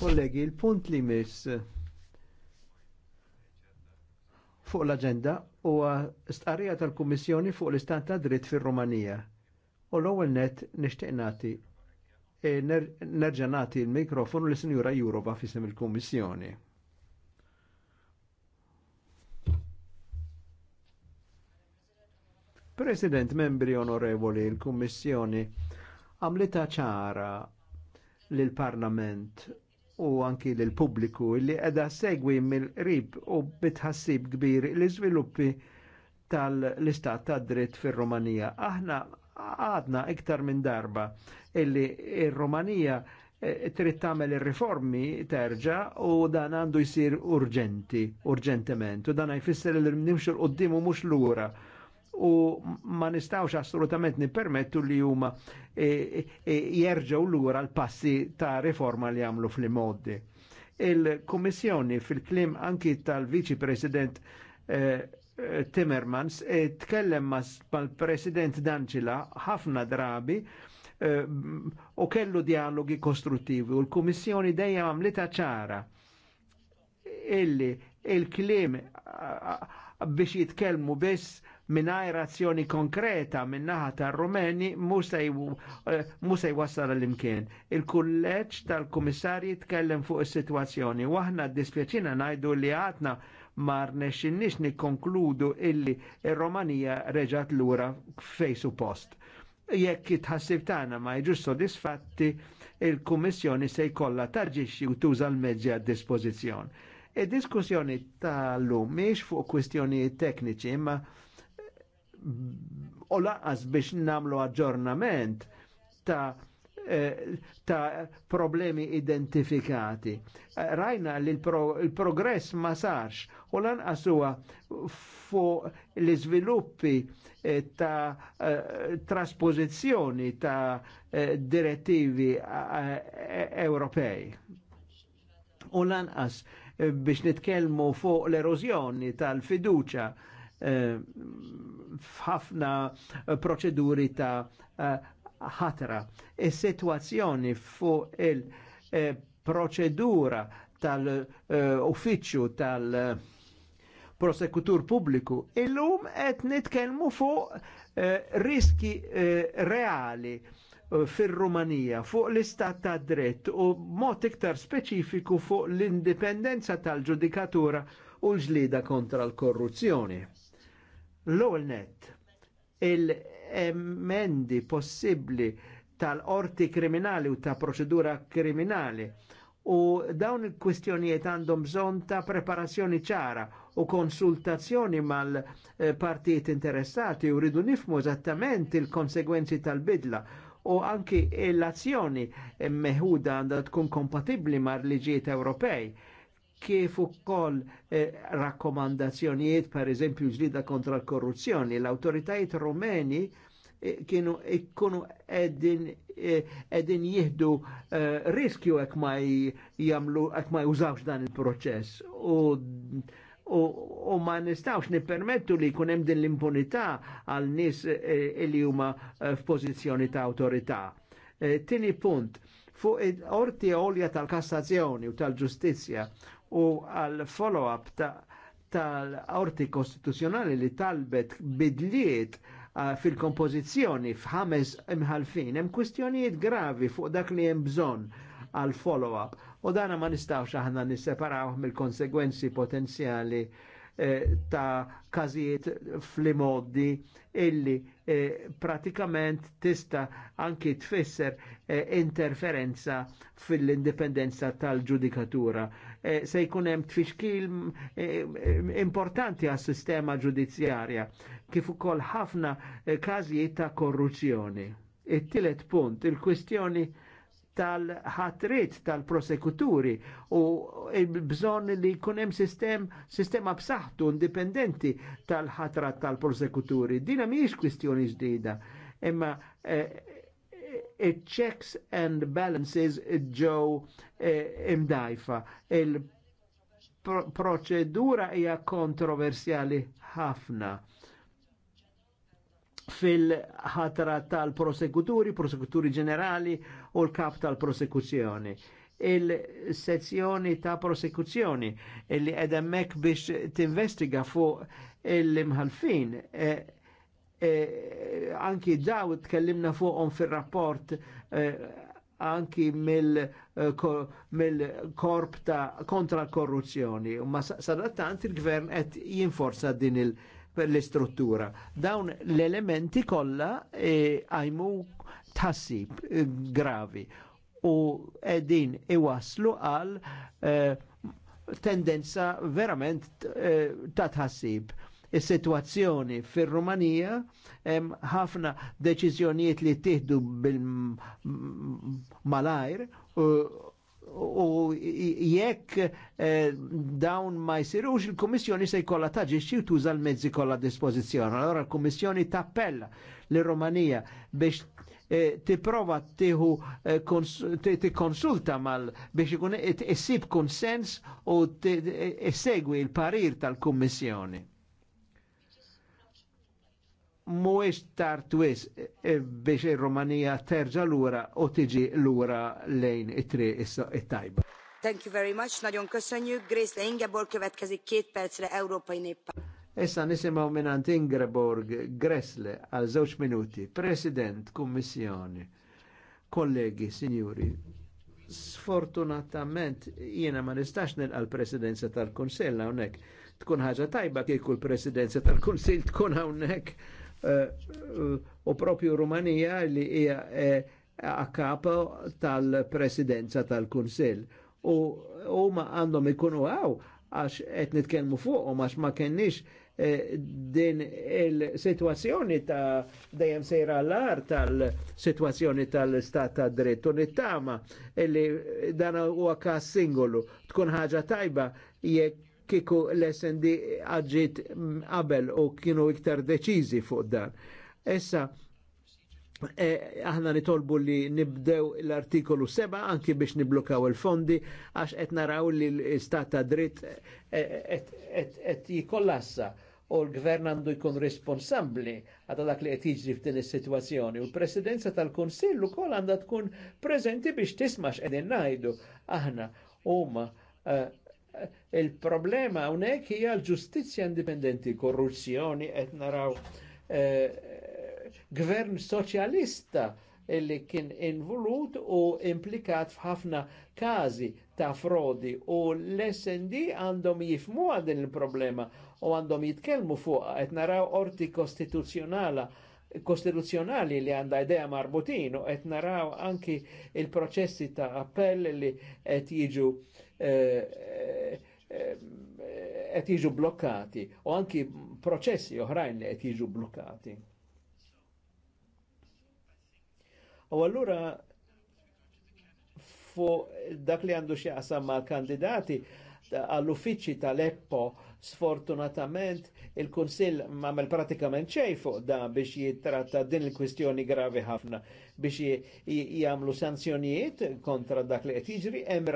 Kollegi, il-punt li miss fuq l-agenda huwa stqarrija tal-Kummissjoni fuq l-istat ta' dritt fir-Rumanija. U l-ewwel net nixtieq nagħti eh, nerġa' nagħti l-mikrofonu li sinjura Jurova fisem il-Kummissjoni. President, membri onorevoli, il-Kummissjoni għamlita ċara l-Parlament u anki lil pubbliku li qiegħda segwi mill-qrib u bitħassib kbir l-iżviluppi tal-istat tad dritt fir romania Aħna għadna iktar minn darba illi ir romania eh, trid tagħmel ir-riformi terġa u dan għandu jsir urġenti, urġentement, u dan jfisser li nimxu l-qoddim u mhux lura u ma nistawx assolutament nipermettu li huma e, e, jerġgħu lura l-passi ta' riforma li għamlu fl-modi. il kummissjoni fil-klim anki tal-Viċi President eh, Timmermans e tkellem mal-President Danċila ħafna drabi eh, u kellu dialogi kostruttivi u l kummissjoni dejjem għamlita ċara illi il-klim biex jitkellmu biss mingħajr azzjoni konkreta minnaħa naħa tar-Rumeni mhux se eh, jwassal l-imkien. Il-kulleġġ tal-Kummissarji tkellem fuq is-sitwazzjoni u dispieċina najdu ngħidu li għatna mar nexxinniex nikkonkludu illi il romanija reġat l-ura fej post. Jekk jitħassib ħassib tagħna ma jiġux sodisfatti, il-Kummissjoni se jkollha tarġixxi u tuża l-mezzi għad dispożizzjon. Id-diskussjoni tal-lum miex fuq kwistjonijiet tekniċi imma u laqas biex namlu aġġornament ta' eh, ta' problemi identifikati. Eh, rajna li l-progress ma sarx u lanqas huwa fuq l-iżviluppi eh, ta' trasposizzjoni ta' direttivi Ewropej. U lanqas biex nitkellmu fuq l-erożjoni tal-fiduċa f'ħafna eh, proċeduri ta' eh, ħatra. Is-sitwazzjoni fuq il-proċedura eh, tal-uffiċċju tal-prosekutur pubbliku illum qed nitkellmu fuq riski reali fir-Rumanija fuq l-istat ta' dritt u mod iktar speċifiku fuq l-indipendenza tal-ġudikatura u l-ġlida kontra l-korruzzjoni. L-ewwel net il-emendi possibbli tal-orti kriminali u ta' proċedura kriminali u dawn il kwistjonijiet għandhom bżon ta' preparazzjoni ċara u konsultazzjoni mal-partijiet interessati u ridu nifmu eżattament il-konsegwenzi tal-bidla u anki l-azzjoni meħuda għandha tkun kompatibli mar liġijiet Ewropej kif ukoll eh, rakkomandazzjonijiet per eżempju ġlida kontra l-korruzzjoni, l-autoritajiet rumeni eh, kienu ikkunu eh, edin, eh, edin jihdu eh, riskju ek ma jamlu, ek ma jużawx dan il-proċess. U, u, u ma nistawx nipermettu li kunem din l-impunità għal nis eh, li huma eh, f'pożizzjoni ta' autorità. Eh, tini punt, fuq orti għolja tal-kassazzjoni u tal-ġustizja u għal follow-up tal-orti ta li talbet bidliet uh, fil-kompożizzjoni f'ħames imħalfin hemm kwistjonijiet gravi fuq dak li hemm bżonn għal follow-up u dana ma nistawx aħna nisseparawh mill-konsegwenzi potenzjali eh, ta' każijiet fl imodi illi eh, pratikament tista' anki tfisser eh, interferenza fil-indipendenza tal-ġudikatura Eh, se jkun hemm tfixkil eh, eh, importanti għas-sistema ġudizzjarja kif ukoll ħafna każijiet ta' korruzzjoni. It-tielet punt, il-kwistjoni tal-ħatrit tal-prosekuturi u bżon li jkun hemm sistem, sistema b'saħħtu indipendenti tal-ħatrat tal-prosekuturi. Dina mhijiex kwistjoni ġdida, imma checks and balances ġew eh, imdajfa. Il-proċedura hija kontroversjali ħafna fil-ħatra tal-prosekuturi, prosekuturi ġenerali u l-kap tal-prosekuzzjoni il-sezzjoni ta' prosekuzzjoni li edemmek biex tinvestiga fuq l-imħalfin eh, Eh, anki daw tkellimna fuqhom fir-rapport eh, anki mill-korp eh, ta' kontra korruzzjoni. Ma sadattant il-gvern qed jinforza din il- l-istruttura. Dawn l-elementi kollha għajmu tassib gravi u edin iwaslu għal tendenza verament ta' tassib is-sitwazzjoni fir-Rumanija hemm ħafna deċiżjonijiet li tieħdu bil-malajr u jekk eh, dawn ma jsirux il-Kummissjoni se jkollha taġixxi u tuża l-mezzi kollha a dispożizzjoni. Allora l-Kummissjoni tappella lir-Rumanija biex eh, tiprova tieħu eh, konsulta mal biex ikun issib konsens u e-, e-, segwi l parir tal-Kummissjoni mhuwiex tartwis e, e, biex il-Romania terġa' lura u tiġi lura lejn it-triq it-tajba. Thank you very much, nagyon köszönjük. Grace Ingeborg következik két percre Európai Néppárt. Issa nisimaw minant Ingeborg Gressle għal żewġ minuti, President, Kommissjoni, kollegi, Signori, Sfortunatament jiena ma nistax nilqa l-presidenza tal-Kunsell hawnhekk. Tkun ħaġa tajba kieku l-presidenza tal-Kunsill tkun hawnhekk Eh, eh, u propju Rumanija li hija eh, a kapo tal-presidenza tal-Kunsill. U huma għandhom ikunu għaw għax qed nitkellmu fuqhom għax ma kenniex din il-situazzjoni ta' dejjem sejra l-ar tal-situazzjoni tal-istat ta' dritt u nittama illi dan huwa kas singolu tkun ħaġa tajba jekk kiku l-SND għadġiet qabel u kienu iktar deċiżi fuq dan. Issa, e, aħna nitolbu li nibdew l-artikolu 7 anki biex niblokaw il-fondi għax qed naraw li l-istat ta' dritt qed e, jikollassa u l-gvern għandu jkun responsabbli għadha dak li qed jiġri f'din is-sitwazzjoni. U l-presidenza tal-Kunsill ukoll għandha tkun preżenti biex tisma' x'qegħdin ngħidu aħna huma e, il-problema unek hija l ġustizja indipendenti, korruzzjoni et naraw eh, gvern soċjalista illi kien involut u implikat f'ħafna kazi ta' frodi u l-SND għandhom jifmu din il-problema u għandhom jitkelmu fuq et naraw orti kostituzjonala kostituzjonali li għanda idea marbutin u et naraw anki il-proċessi ta' appell li et jiġu qed jiġu blokkati u anki proċessi oħrajn li qed jiġu blokkati. U allura fu dak li għandu xi mal-kandidati, għall-uffiċċji tal-EPPO sfortunatament il-Kunsill mamel pratikament xej fuq da biex jitratta din il-kwistjoni gravi ħafna biex jagħmlu sanzjonijiet kontra dak li qed jiġri hemm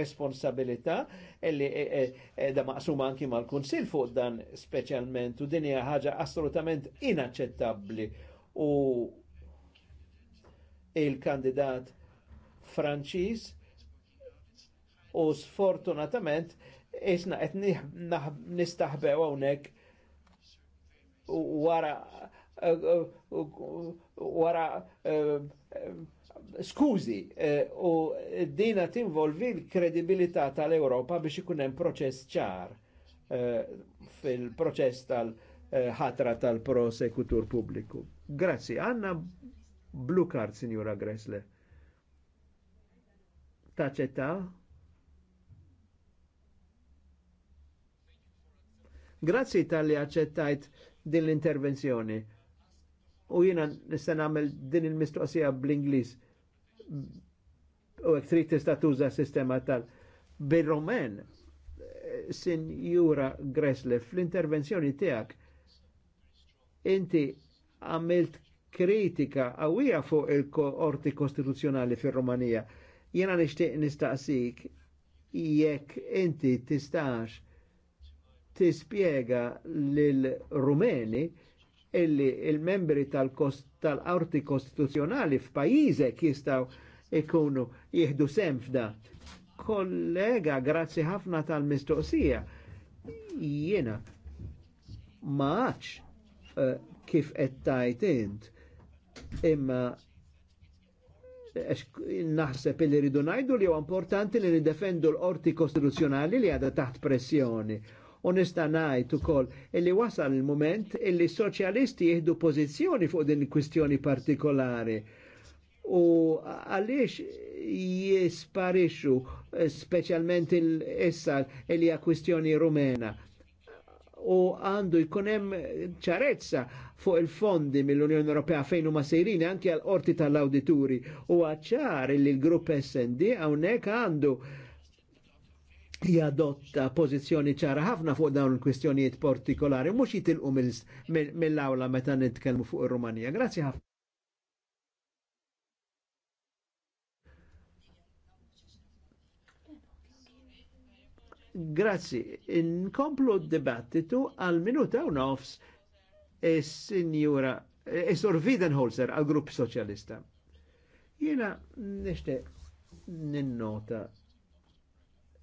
responsabilità li e- e- da maqsuma anki mal-Kunsill fuq dan speċjalment u din hija ħaġa assolutament inaċċettabbli u il-kandidat Franċiż u sfortunatament isna qed nistaħbew hawnhekk wara wara skużi u dina tinvolvi l-kredibilità tal-Ewropa biex ikun hemm proċess ċar eh, fil-proċess tal-ħatra tal-prosekutur pubbliku. Grazzi, għanna blue card, signora Gressle. Taċetta? Grazzi tal-li accettajt din l-intervenzjoni. U jina nistan nagħmel din il-mistoqsija bl-Ingliż u hekk trid tista' sistema tal bil-Romen Sinjura Greslef, fl-intervenzjoni tiegħek inti għamilt kritika għawija fuq il korti kostituzzjonali fir-Romanija. Jena nixtieq nistaqsik jekk inti tistax tispiega l rumeni illi il-membri tal-arti kostituzjonali f'pajjiżek kistaw ikunu jihdu sem f'da. Kollega, grazzi ħafna tal-mistoqsija. Jiena maħċ eh, kif qed int imma naħseb li rridu ngħidu li huwa importanti li nidefendu l orti kostituzzjonali li għadha taħt pressjoni onesta nista' ngħid ukoll illi wasal il moment illi soċjalisti jieħdu pozizjoni fuq din kwistjoni partikolari u għaliex jisparixu specialment il-issa illi hija kwistjoni rumena u għandu jkun hemm ċarezza fuq il-fondi mill-Unjoni Ewropea fejn huma sejrini anke għal qorti tal-awdituri u għaċċar li l-grupp SND hawnhekk għandu jadotta pozizjoni ċara ħafna fuq dawn il-kwistjonijiet partikolari, mux jitilqu mill-awla meta nitkellmu fuq ir-Rumanija. Grazzi ħafna. Grazzi, inkomplu d-dibattitu għal minuta u nofs is-sinjura is-sur Widenholzer għal grupp soċjalista. Jena nishtiq ninnota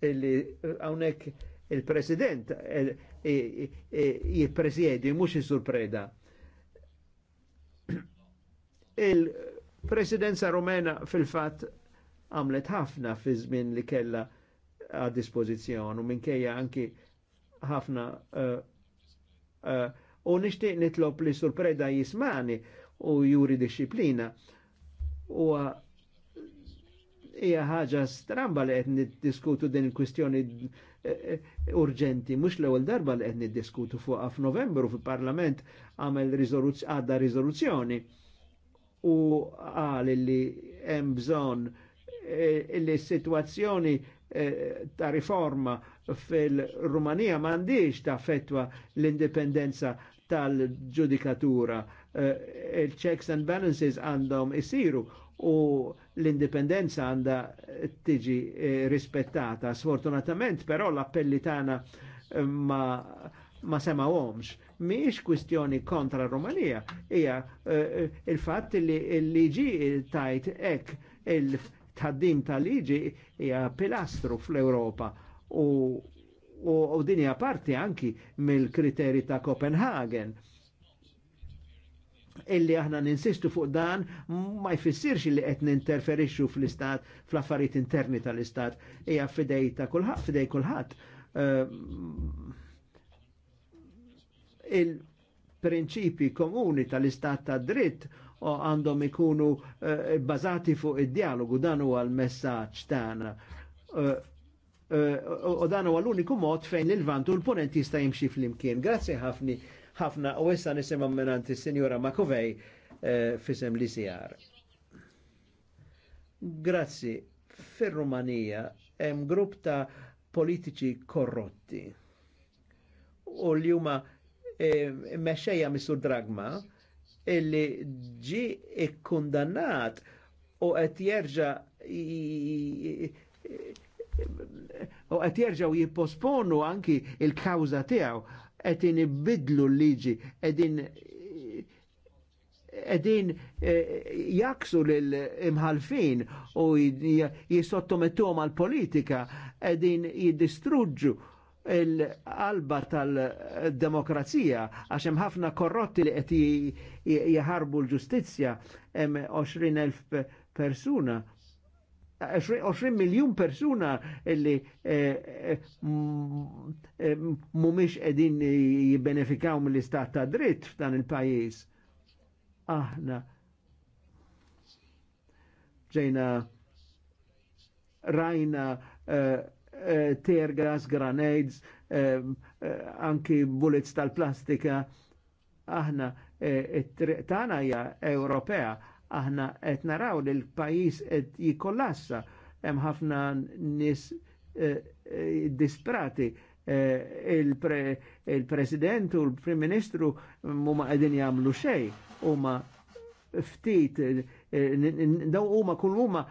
illi għonek eh, il-President eh, eh, jippresjedi mux is preda. Il-Presidenza Rumena fil fat għamlet ħafna fi żmien li kella a dispożizzjon u minkejja anki ħafna u nixtieq nitlob li surpreda jismani u juri disciplina u hija ħaġa stramba li qed niddiskutu din il-kwistjoni eh, eh, urġenti, mhux l-ewwel darba li qed niddiskutu fuqha f'Novembru fil-Parlament għamel għadda riżoluzzjoni u qal li hemm bżonn eh, li situazzjoni ta' riforma fil-Rumanija m'għandix ta' fetwa l-indipendenza tal-ġudikatura. Il-checks and balances għandhom isiru u l-indipendenza għanda tiġi eh, rispettata. Sfortunatament, però l-appelli tagħna eh, ma, ma uomx. Miex kwistjoni kontra Romania hija uh, eh, il fat li l-liġi tajt ek il-taddim tal-liġi hija pilastru fl-Europa u, u, u dinja parti anki mill-kriteri ta' Kopenhagen illi aħna ninsistu fuq dan ma jfissirx li qed ninterferixxu fl-istat fl-affarijiet interni tal-istat hija fidej ta' kulħadd fidej kulħadd. Ehm, il-prinċipi komuni tal-istat ta' dritt għandhom ikunu eh, bbażati fuq id-dialogu dan huwa l-messaġġ tagħna. Uh, u dan huwa l-uniku mod fejn l-vant u l-ponent jista' jimxi fl-imkien. Grazzi ħafni ħafna u issa nisimgħu minanti Sinjora Makovej eh, fisem li sijar. Grazzi, fil rumanija hemm grupp ta' politiċi korrotti u li huma eh, mexxejja Mr. Dragma illi ġi ikkundannat u qed jerġa' u qed jerġgħu jipposponu anki il kawza tiegħu qegħdin ibidlu l-liġi, qegħdin edin e, jaksu l-imħalfin u jisottomettom għal politika edin jiddistruġġu l-qalba tal-demokrazija għax hemm ħafna korrotti li qed jħarbu l-ġustizzja hemm 20,000 persuna 20 miljon persuna illi eh, eh, eh, mumiex edin jibbenefikaw mill-istat ta' dritt f'dan il-pajis. Aħna ġejna rajna tear gas, grenades, anki bullets tal-plastika. Aħna it-triq tagħna hija Ewropea aħna qed naraw li l-pajjiż qed jikollassa hemm ħafna nis eh, eh, disprati eh, il-president u l-prim ministru huma qegħdin jagħmlu xejn huma ftit daw huma kull huma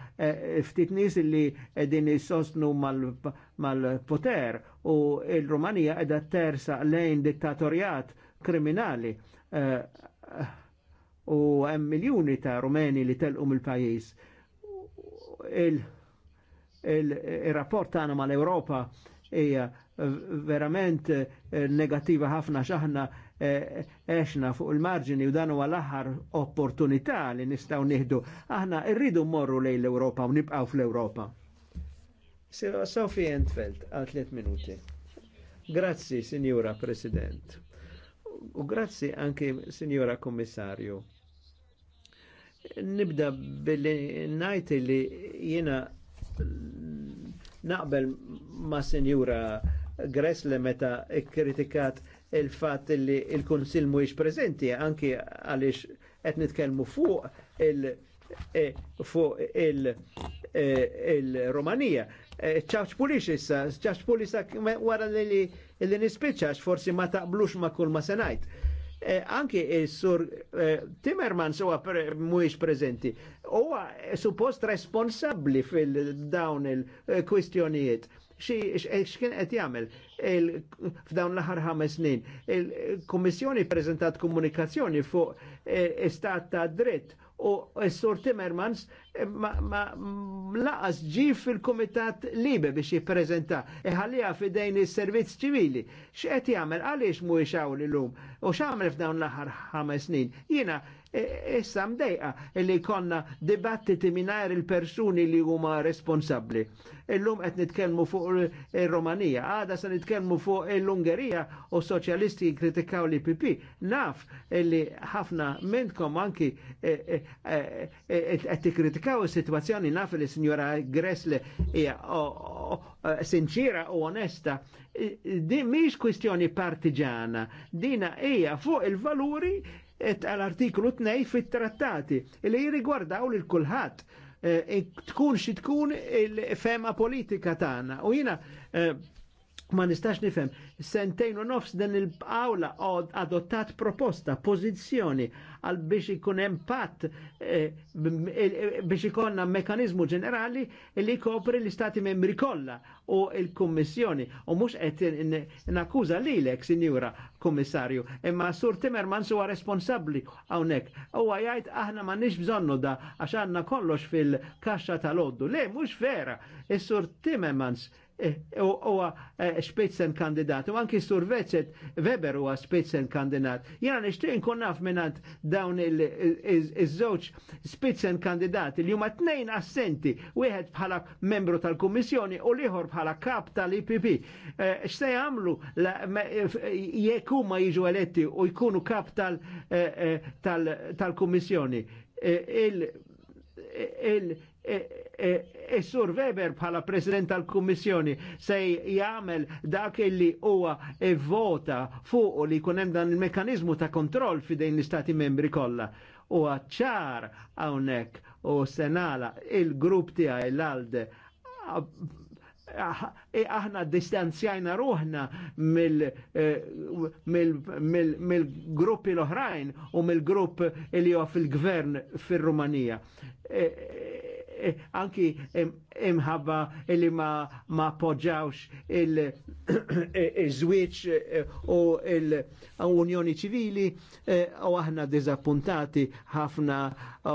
ftit nies li qegħdin jissostnu mal-poter u l-Rumanija qiegħda tersa lejn dittatorjat kriminali. Eh, u hemm miljuni ta' Rumeni li telqu mill pajis Il-rapport il, tagħna mal-Ewropa hija verament eh, negativa ħafna xaħna eħxna eh, fuq il-marġini u dan huwa l-aħħar opportunità li nistgħu nieħdu. Aħna rridu morru lejn l-Ewropa u nibqgħu fl-Ewropa. Sophie Entfeld għal tliet minuti. Grazzi, Signora President. U grazzi anke, Signora Kommissarju. Nibda billi najt li jena naqbel ma Signora Gressle meta kritikat il-fat li il-Konsil mhuwiex preżenti anke għaliex qed nitkellmu fuq il- e, fuq e, il-Romanija. ċaċ e, pulix issa, ċaċ pulix wara li illi nispiċax forsi ma taqblux ma kull ma senajt. E, anki il-sur e, Timmerman Timmermans huwa pre, mhuwiex preżenti. Huwa suppost responsabli fil-dawn il-kwistjonijiet e, x'kien qed jagħmel f'dawn l-aħħar ħames snin. Il-Kummissjoni preżentat komunikazzjoni fuq istat ta' dritt u s-sur Timmermans eh, ma, laqas ġi fil-komitat libe biex jipprezenta iħallija fidejn is-servizz ċivili. X'qed jagħmel għaliex mhuwiex hawn l-lum u x'għamel f'dawn l-aħħar ħames snin. Jiena E, issa mdejqa li konna dibattiti minar il-persuni li huma responsabli. Illum qed nitkellmu fuq il-Romanija, għada se nitkellmu fuq l-Ungerija u soċjalisti kritikaw li PP. Naf li ħafna minnkom anki e, e, qed tikkritikaw is-sitwazzjoni naf li sinjora Gressle hija sinċira u onesta di mhix kwistjoni partiġana, dina hija fuq il-valuri tal-artiklu 2 fit-trattati li jirrigwardaw lil kulħadd eh, e tkun xi tkun il-fema politika tagħna. U jiena eh, ma nistax nifhem sentejn u nofs dan il-awla adottat proposta, pozizjoni għal biex ikun impatt eh, eh, eh, biex ikonna mekanizmu ġenerali li kopri l-istati membri kollha u l-Kummissjoni. U mhux qed l lilek, Sinjura kommissarju, imma Sur Timmermans huwa responsabbli hawnhekk. U għajajt aħna nix bżonnu da għax għandna kollox fil-kaxxa tal-oddu. Le, mhux vera. Is-Sur Timmermans Eh, huwa eh, Spitzen kandidat, u anki Sur Weber huwa Spitzen kandidat. Jena nixtieq nkun naf minnant dawn il żewġ Spitzen kandidat li huma tnejn assenti, wieħed bħala membru tal-Kummissjoni u liħor bħala kap tal-IPP. Eh, x'se jagħmlu jekk huma jiġu eletti u jkunu kap tal-Kummissjoni. tal kummissjoni tal E, e, e' sur Weber pala President tal-Kummissjoni se jagħmel dak li huwa e vota fuq li jkun hemm dan il mekanizmu ta' kontroll f'idejn l-Istati membri kollha. U ċar hawnhekk u senala il-grupp tiegħi l-Alde aħna distanzjajna ruħna e, mill-gruppi l-oħrajn u mill-grupp li huwa fil-gvern fir-Rumanija. Eh, anki imħabba illi ma ma poġġawx il-żwieġ eh, eh, u l-unjoni ċivili u aħna dizappuntati ħafna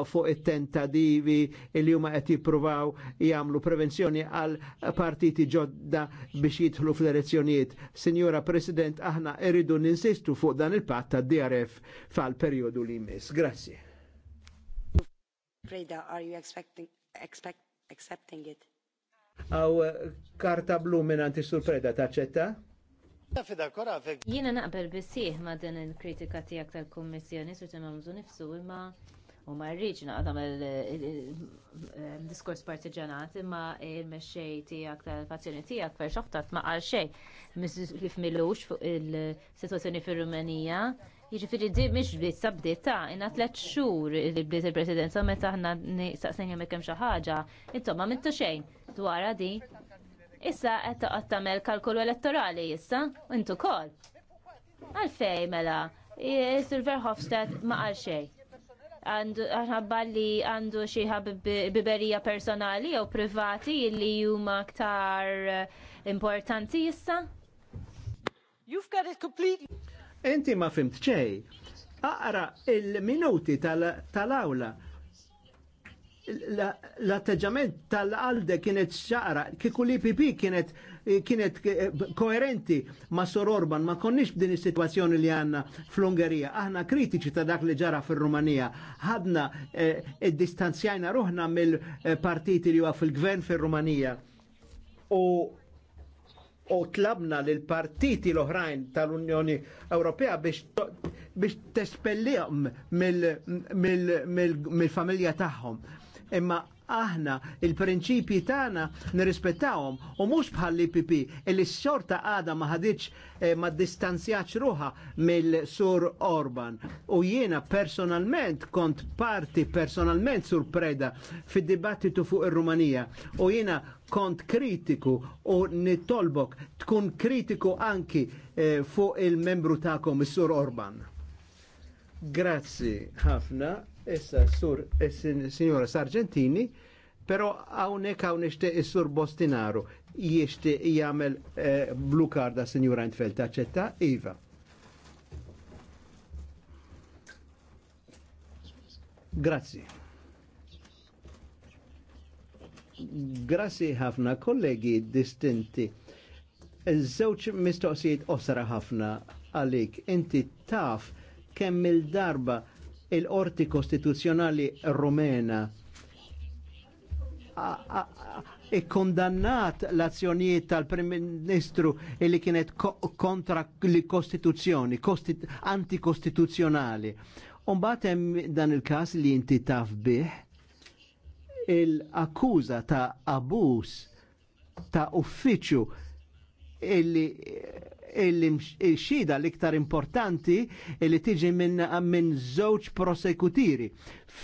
fuq it-tentativi illi huma qed jippruvaw jagħmlu prevenzjoni għal partiti ġodda biex jidħlu fl-elezzjonijiet. Sinjora President, aħna irridu ninsistu fuq dan il-patt ta' DRF fal-perjodu li jmiss. Grazie. Preda, are you expecting expect, accepting it. Aw eh, karta blu minn anti surpreda taċċetta? Jiena naqbel bisih ma din il-kritika tiegħek tal-Kummissjoni sur timgħu nifsu imma u ma rridx naqdam il-diskors eh, eh, partiġanat imma il-mexxej tiegħek tal-fazzjoni tiegħek fer xoħtat ma qal xejn li fmilux fuq il-sitwazzjoni fir-Rumenija Jiġifieri di mhix bdiet sa bdiet ta' inha tliet xhur li bdiet il-Presidenza meta aħna nistaqsejn jagħmel kemm xi ħaġa, intom ma mintu xejn dwar di. Issa qed toqgħod tagħmel kalkolu elettorali issa, intu kol. Għalfej mela, Sir Verhofstadt ma qal xejn għanħabba li għandu xi biberija personali jew privati li huma aktar importanti issa? You've got it completely. Inti ma fimt ċej. Aqra il-minuti tal-awla. L-atteġġament tal-alde kienet xaqra, kiku li pipi kienet kienet eh, koerenti ma Sor Orban, ma konniex b'din is-sitwazzjoni li għanna fl-Ungerija. Aħna kritiċi ta' dak li ġara fil-Rumanija. Ħadna eh, id-distanzjajna ruħna mill-partiti eh, li huwa fil-gvern fil-Rumanija. U u tlabna lil partiti l-oħrajn tal-Unjoni Ewropea biex tespellihom mill-familja tagħhom. Imma aħna il-prinċipji tagħna nirrispettawhom u mhux bħal l-IPP li s xorta għada ma ħadiċ eh, ma distanzjaċ ruħa mill-Sur Orban. U jiena personalment kont parti personalment sur preda fid-dibattitu fuq ir-Rumanija u jiena kont kritiku u nitolbok tkun kritiku anki eh, fuq il-membru tagħkom is-Sur Orban. Grazzi ħafna Issa, sur, eh, signora Sargentini, pero għawnek għawnishti il-sur Bostinaru jiexti jgħamil eh, blu karda signora Entfeld, taċetta, Iva. Grazie Grazie ħafna kollegi distinti. Zewċ mistoqsijiet osra ħafna għalik. Inti taf kemm il-darba il-Qorti Kostituzzjonali Rumena e kondannat l-azzjonijiet tal-Prim Ministru li kienet ko kontra li kostituzzjoni antikostituzzjonali. Umbat hemm dan il-każ li inti taf bih il-akkuża ta' abus ta' uffiċċju illi il-xida l-iktar importanti li tiġi minn min żewġ prosekutiri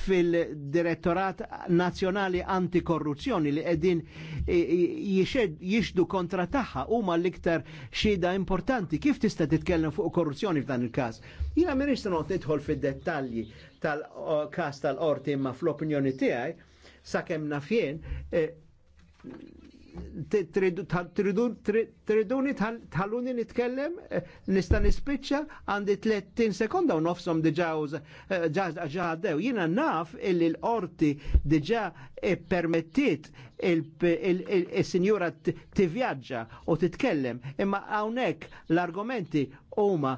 fil-Direttorat Nazzjonali Antikorruzzjoni li qegħdin jixdu kontra tagħha huma l-iktar xida importanti. Kif tista' titkellem fuq korruzzjoni f'dan il-każ? Jiena m'iniex se nidħol fid-dettalji tal-każ tal-qorti imma fl-opinjoni tiegħi sakemm nafjen eh, Triduni tħalluni nitkellem, eh, nista nispiċċa għandi 30 sekonda u nofsom diġawż eh, ġaħdew. Jina naf illi l-orti diġa permettit il-sinjura tivjaġġa u titkellem, imma għawnek l-argumenti huma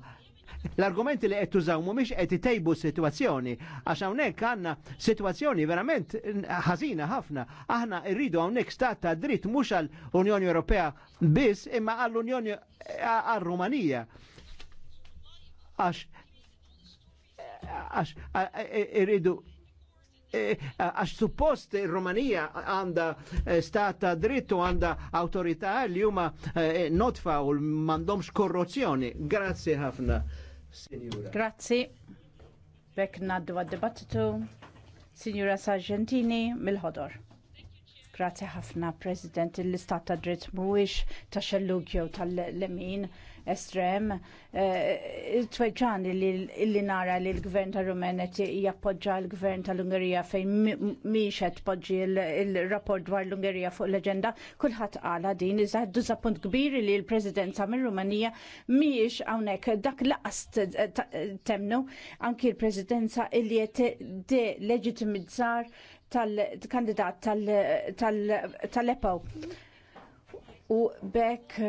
L-argumenti li qed tużaw mhumiex qed itejbu situazzjoni għax hawnhekk għandna situazzjoni verament ħażina ħafna. Aħna rridu hawnhekk stat ta' dritt mhux għall-Unjoni Ewropea biss imma għall-Unjoni għall-Rumanija. Għax għax irridu e, għax suppost il-Romanija għanda e, stat ta' drittu għanda autorità li huma e, notfa u mandomx korruzzjoni. Grazzi ħafna. Grazzi. Bek naddu għad-dibattitu. Signora Sargentini mil ħodor Grazzi ħafna, President, l-istat ta' dritt mhuwiex ta' xellugju tal-lemin estrem, eh, tweġan li nara li l-gvern ta' Rumen jappoġġa l-gvern tal-Ungerija fejn miex qed poġġi l-rapport dwar l-Ungerija fuq l-aġenda, kulħadd għala din iżda punt kbir li l-Presidenza minn Rumanija miex hawnhekk dak laqast temnu anki l-Presidenza li jete de leġitimizzar tal-kandidat tal-EPO. U bekk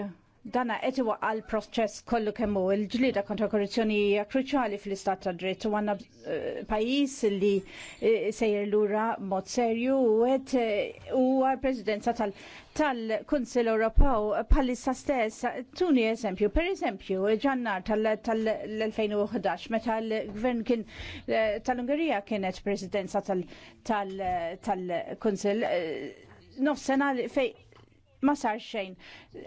Dana qed għal proċess kollu kemm hu il-ġlieda kontra korruzzjoni hija kruċjali fl-istat ta' dritt u għandna eh, pajjiż li eh, sejjer lura mod serju u qed eh, huwa l-Presidenza tal-Kunsill Ewropew bħalissa stess tuni eżempju. Per eżempju, ġannar tal-2011 meta l-gvern kien tal-Ungerija kienet Presidenza tal-Kunsill nofsena fej ma sar xejn.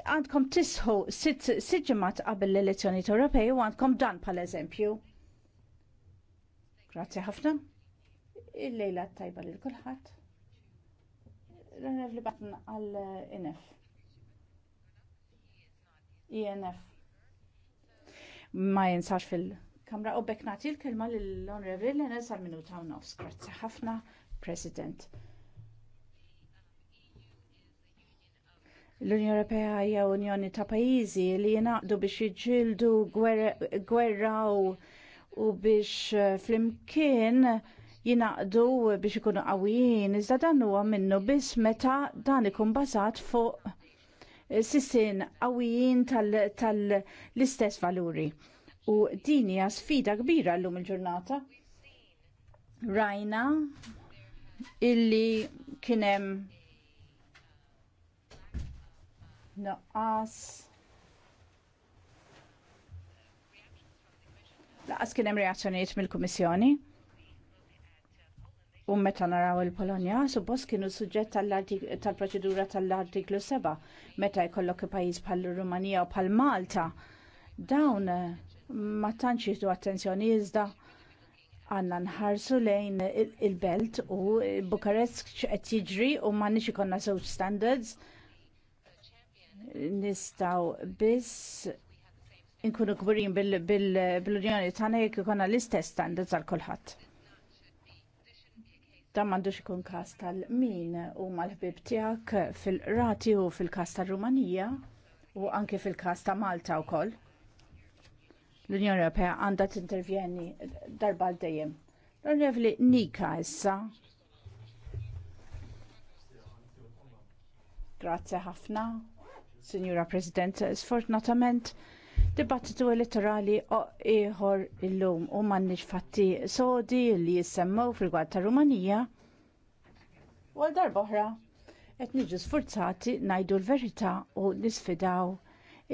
Għandkom tisħu sitt qabel l-elezzjoni Ewropej u għandkom dan pal eżempju. Grazzi ħafna. Il-lejla tajba lil kulħadd. L-nef li batn għal INF. E INF. E ma jinsax fil-kamra u beknati l-kelma l-onrevri l-nef sal-minuta u nofs. Grazzi ħafna, President. L-Unjoni Ewropea hija unjoni ta' pajjiżi li jingħaqdu biex jiġġieldu gwerra u biex eh, flimkien jingħaqdu biex ikunu qawwijin. Iżda dan huwa minnu biss meta dan ikun bażat fuq eh, sisin qawwijin tal-istess tal valuri. U din hija sfida kbira llum il-ġurnata. Rajna illi kien hemm nuqqas. Laqas kien hemm reazzjonijiet mill-Kummissjoni. U meta naraw il-Polonja, suppost kienu suġġett tal-proċedura tal-artiklu 7, meta jkollok pajjiż bħal rumanija u bħal Malta. Dawn eh, ma tantx jieħdu attenzjoni iżda għanna nħarsu lejn il-belt u Bukarest qed jiġri u m'għandniex ikonna żewġ standards nistaw biss inkunu kburin bil-Unjoni tana jek ikonna l-istess standard għal kulħadd. Dan m'għandux ikun każ tal-min huma l-ħbib tiegħek fil-rati u fil-każ tal rumanija u anke fil-każ ta' Malta wkoll. L-Unjoni Ewropea għandha intervjeni darba l dejjem. L-Onorevoli Nika issa. Grazie ħafna. Signora President, sfortunatament dibattitu elettorali ieħor illum u m'għandniex fatti sodi li jissemmu fil-gwad ta' Rumanija. U għal darba oħra qed niġu sforzati ngħidu l-verità u nisfidaw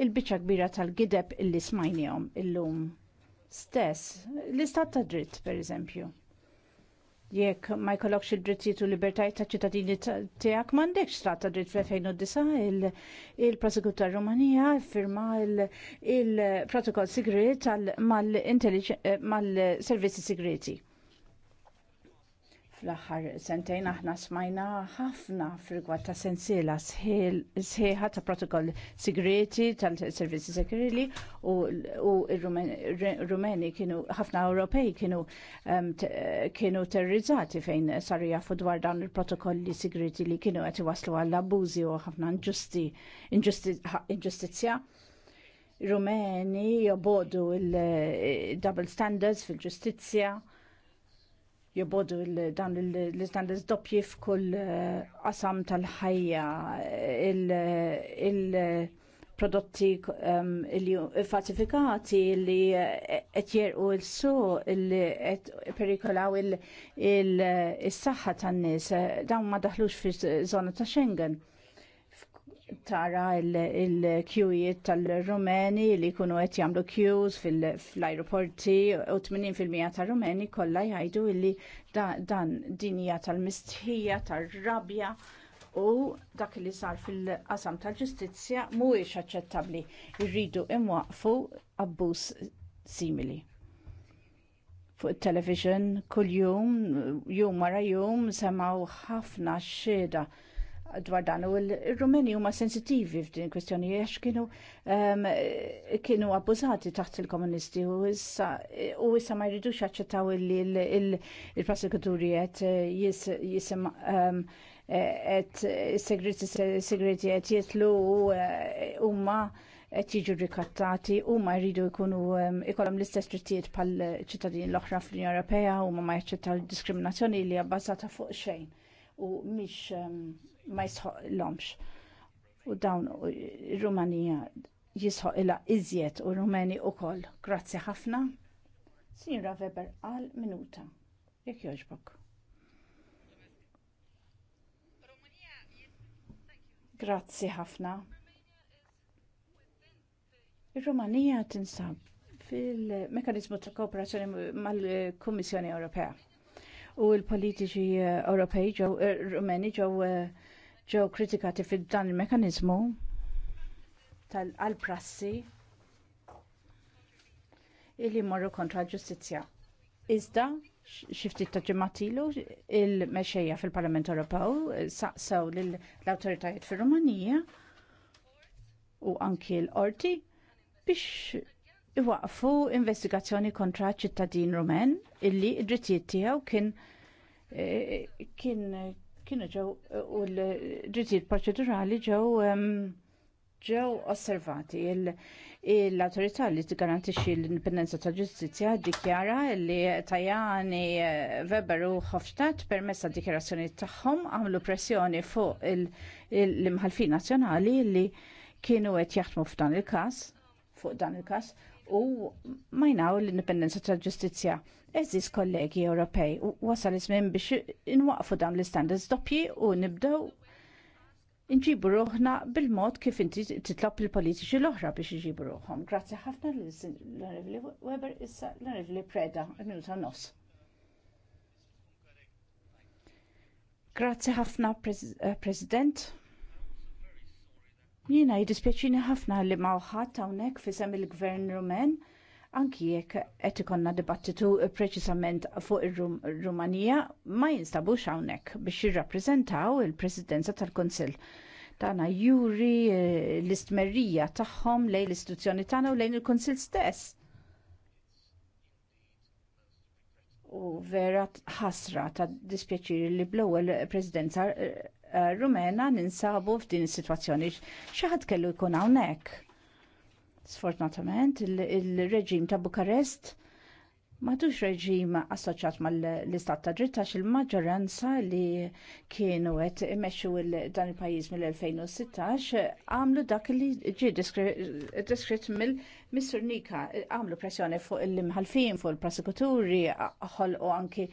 il-biċċa kbira tal-gideb illi il illum. Stess, l-istat ta' dritt, pereżempju jekk ma jkollokx id-drittijiet u libertajiet ta' ċittadini tiegħek m'għandekx strat ta' dritt fl-2009 il-prosekutur Rumanija firma il-protokoll sigret mal-servizzi eh, sigreti. Fl-aħħar sentejn aħna smajna ħafna frigwat ta' sensiela sħiħa ta' protokoll segreti tal-servizzi segreti u, u rumeni kienu ħafna Ewropej kienu kienu terrorizzati fejn saru jafu dwar dawn il-protokolli segreti li kienu qed waslu għall abbużi u ħafna inġustizja. inġustizzja. Rumeni jobodu il-double eh, standards fil-ġustizzja jibodu dan l-istandards doppji f'kull eh, qasam tal-ħajja il-prodotti ehm, falsifikati li eh, qed jerqu l-su li qed perikolaw il-saħħa tan-nies eh, dawn ma daħlux fi żona ta' Schengen tara il-kjujiet tal-Rumeni li jkunu qed jagħmlu kjuż fl-ajruporti u 80% tar-Rumeni kollha jgħidu li dan dinja tal-mistħija tar-rabja u dak li sar fil-qasam tal-ġustizzja mhuwiex aċċettabbli. Irridu imwaqfu abbuż simili fuq it television kuljum jum wara jum semgħu ħafna xhieda dwar dan u l-Rumeni huma sensittivi f'din kwestjoni għax kienu um, kienu abbużati taħt il-komunisti u issa ma jridux jaċċettaw li il-prosekuturi għet jisim għet segreti qed jitlu u huma qed jiġu rikattati huma jridu jkunu ikollhom l-istess trittijiet pal ċittadini l-oħra fl-Unjoni Ewropea huma ma jaċċettaw diskriminazzjoni li għabbażata fuq xejn u mhix ma l-omx. U dawn Rumanija jisħoq ila iżjed u Rumeni u koll. Grazie ħafna. Sinjura Weber għal minuta. Jek joġbok. Grazzi ħafna. il rumanija tinsab fil-mekanizmu ta' kooperazzjoni mal-Kummissjoni Ewropea u l-politiċi Ewropej ġew eh, Rumeni ġew uh, ġew kritikati fid dan il-mekanizmu tal-prassi illi morru kontra l-ġustizzja. Iżda, xiftit ta' ġematilu, il-mexxejja fil-Parlament Ewropew saqsew l-autoritajiet fir-Rumanija u anki l-Orti biex iwaqfu investigazzjoni kontra ċittadin Rumen illi id-drittijiet tiegħu kien eh, kien kienu ġew u l-ġitijiet proċedurali ġew ġew osservati l-autorità li tigarantixxi l-indipendenza tal-ġustizzja ddikjara li Tajani Weber u Hofstadt permezz tad dikjarazzjoni tagħhom għamlu pressjoni fuq l-imħalfin nazzjonali li kienu qed jaħdmu f'dan il-każ fuq dan il-każ u majnaw l-indipendenza tal-ġustizja. Eżis kollegi Ewropej u wasal ismin biex inwaqfu dawn l-istandards doppji u nibdew inġibu ruħna bil-mod kif inti titlob il-politiċi l-oħra biex iġibu ruħom. Grazzi ħafna l-Onorevoli Weber issa l-Onorevoli Preda, minuta nos. Grazzi ħafna, eh, President. Jiena jiddispjaċini ħafna li ma uħat hawnhekk fisem il-Gvern Rumen anki jekk qed ikollna dibattitu preċisament fuq ir-Rumanija ma jinstabux hawnhekk biex jirrappreżentaw il-Presidenza tal-Kunsill. Tana juri eh, l-istmerrija tagħhom lejn l-istituzzjoni tagħna u lejn il-Kunsill stess. U vera ħasra ta' dispieċiri li bl-ewwel Presidenza eh, Eh, Rumena ninsabu f'din is-sitwazzjoni. ħadd kellu jkun hawnhekk. Sfortunatament, il-reġim ta' Bukarest Madux reġim assoċjat mal-istat ta' dritta il-maġġoranza li kienu qed imexxu dan il-pajjiż mill-2016 għamlu dak li ġie diskrit mill-Mr. Nika għamlu pressjoni fuq il-imħalfin fuq il-prosekuturi ħolqu anki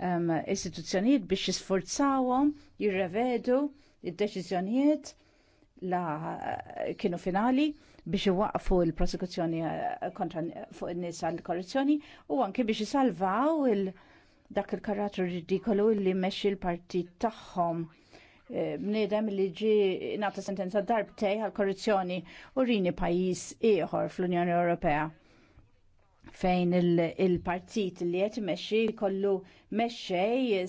um, istituzzjonijiet biex jisforzawhom jirrevedu id-deċiżjonijiet la eh, kienu finali biex iwaqfu l-prosekuzzjoni eh, kontra fuq in-nies għall korruzzjoni u anke biex isalvaw il- dak il-karattru ridikolu li meċi l-partit tagħhom eh, bnedem li ġi nata sentenza darbtej għal korruzzjoni u rini pajis ieħor fl-Unjoni Ewropea fejn il-partit li qed imexxi jkollu mexxej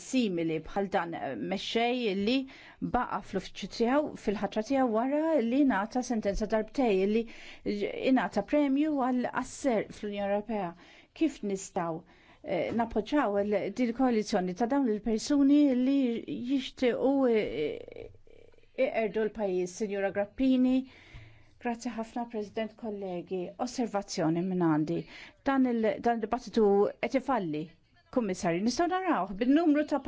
simili bħal dan mexxej li baqa fl-uffiċċju tiegħu fil-ħatra tiegħu wara li ngħata sentenza darbtej li ingħata premju għal asser fl-Unjoni Ewropea. Kif nistgħu napoċaw din koalizjoni ta' dawn il-persuni li jixtiequ iqerdu l-pajjiż, Signora Grappini, Grazie ħafna, President kollegi. Osservazzjoni minn għandi. Dan il-dibattitu qed ifalli. Kummissarju, nistgħu naraw bin-numru ta'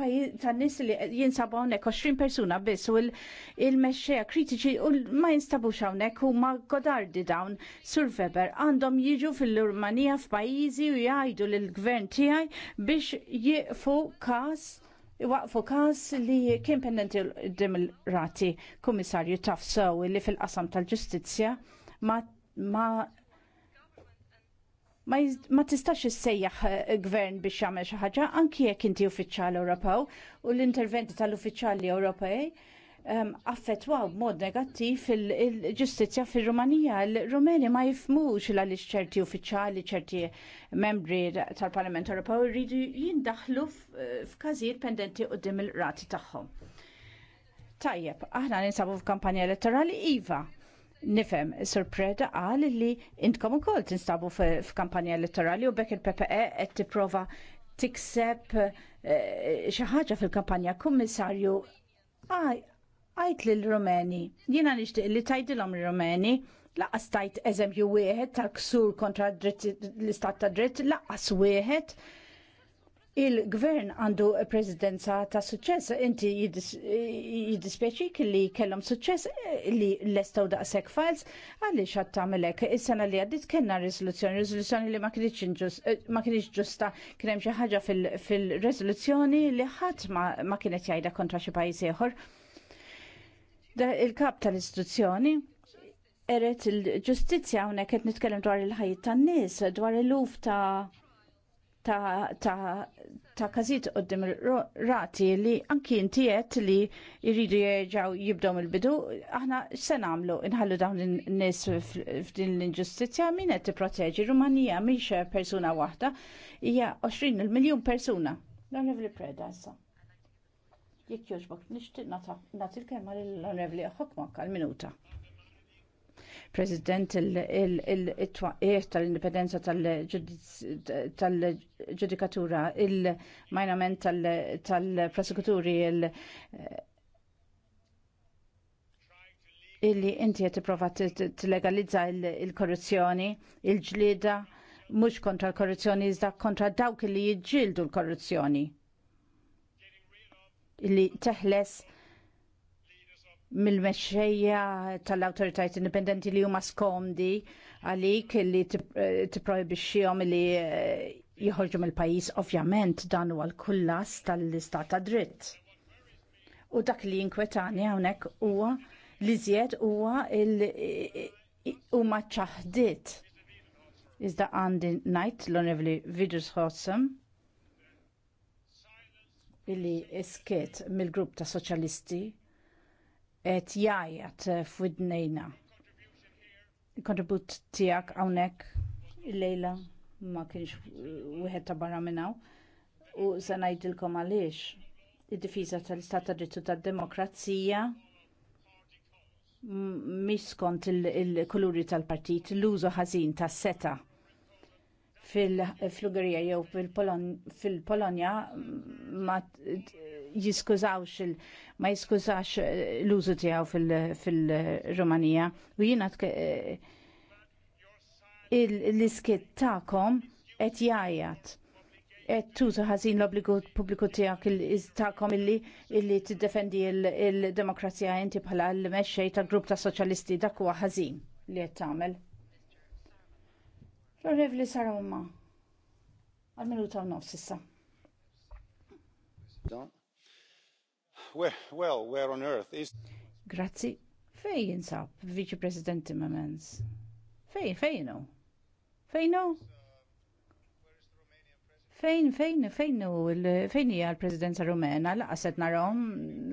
ta' nies li jinsabu hawnhekk 20 persuna biss u il-mexxejja kritiċi u ma jinstabux hawnhekk huma godardi dawn Sur Weber għandhom jiġu fil lurmanija f'pajjiżi u jgħidu lill-gvern tiegħi biex jieqfu kas waqfu kas li kien pendenti dim rati kummissarju tafsew li fil-qasam tal-ġustizja ma ma ma, ma tistax issejjaħ eh, gvern biex jagħmel xi ħaġa anki jekk inti uffiċjali Ewropew u l-interventi tal-uffiċjali Ewropej Um, affettwaw b'mod negattiv il-ġustizja fil rumanija Il-Rumeni ma jifmux għaliex ċerti uffiċjali, ċerti membri tal-Parlament Ewropew rridu jindaħlu f'kazir pendenti dim il-rati tagħhom. Tajjeb, aħna ninsabu f'kampanja elettorali iva. Nifem, sorpreda għal li intkom ukoll tinstabu f'kampanja elettorali u bekk il-PPE qed tipprova tikseb eh, xi ħaġa fil-kampanja kummissarju għajt li l-Rumeni, jina nishtiq li tajdilom l-Rumeni, laqas tajt eżempju wieħed tal-ksur kontra l-istat ta' dritt, laqas wieħed il-gvern għandu prezidenza ta' suċċess, inti jiddispjaċik li kellhom suċċess eh, li lestaw daqshekk files għaliex qed tagħmelek. Is-sena li għaddit kena riżoluzzjoni, riżoluzzjoni li ma kienix eh, ġusta kien hemm xi ħaġa fil-riżoluzzjoni li ħadd ma kienet jajda kontra xi pajjiż ieħor il-kap tal-istituzzjoni eret il-ġustizja hawnhekk qed nitkellem dwar il ħajt tan-nies, dwar il-luf ta' ta', ta, ta kazit rati li anki inti li jridu jieġaw jibdom il-bidu, aħna se nagħmlu inħallu dawn in-nies f'din l-inġustizzja min qed tipproteġi Rumanija mhix persuna waħda hija 20 miljun persuna. Dan li preda issa. Jekk jogħġbok nixtieq nagħti l-kelma lill-Onorevoli Ħokmak għal-minuta. President il-twaqqiet tal-indipendenza tal-ġudikatura, il-majnament tal-prosekuturi, illi inti qed tipprova legalizza il-korruzzjoni, il-ġlieda mhux kontra l-korruzzjoni iżda kontra dawk li jiġġieldu l-korruzzjoni li teħles mill-mexxejja tal-awtoritajiet indipendenti li huma skomdi għalik li eh, tipprojbixxihom li eh, jħorġu mill-pajjiż ovvjament dan huwa l-kullas tal-istat ta' dritt. U dak li jinkwetani hawnhekk huwa li żjed huwa eh, huma ċaħdiet. Iżda għandi ngħid l-Onorevoli Vidus Hossam illi iskiet mill-grupp ta' soċjalisti qed jajat f'widnejna. Il-kontribut tiegħek hawnhekk illejla ma kienx wieħed ta' barra minnaw u se ngħidilkom għaliex id-difiża tal-istat ta' drittu tad-demokrazija miskont il-kuluri tal-partit, l-użu ħażin tas seta' fil-Flugerija jew fil-Polonja mm, ma jiskużawx ma jiskużax eh, l-użu tiegħu fil-Rumanija. U jiena eh, l iskiet tagħkom qed jgħajjat qed tużu ħażin l-obbligu pubbliku tiegħek tagħkom illi illi tiddefendi l-demokrazija inti bħala l-mexxej tal-grupp ta' soċjalisti dak huwa ħażin li qed tagħmel. Rorevli Saroma. għal-minuta u nofs issa. well, where on earth is... Grazzi. Fej jinsab, Viċi President Timmermans? Fej, fejnu? no? Fejn, fejn, fejn fejn hija l-Presidenza Rumena, laqaset narom,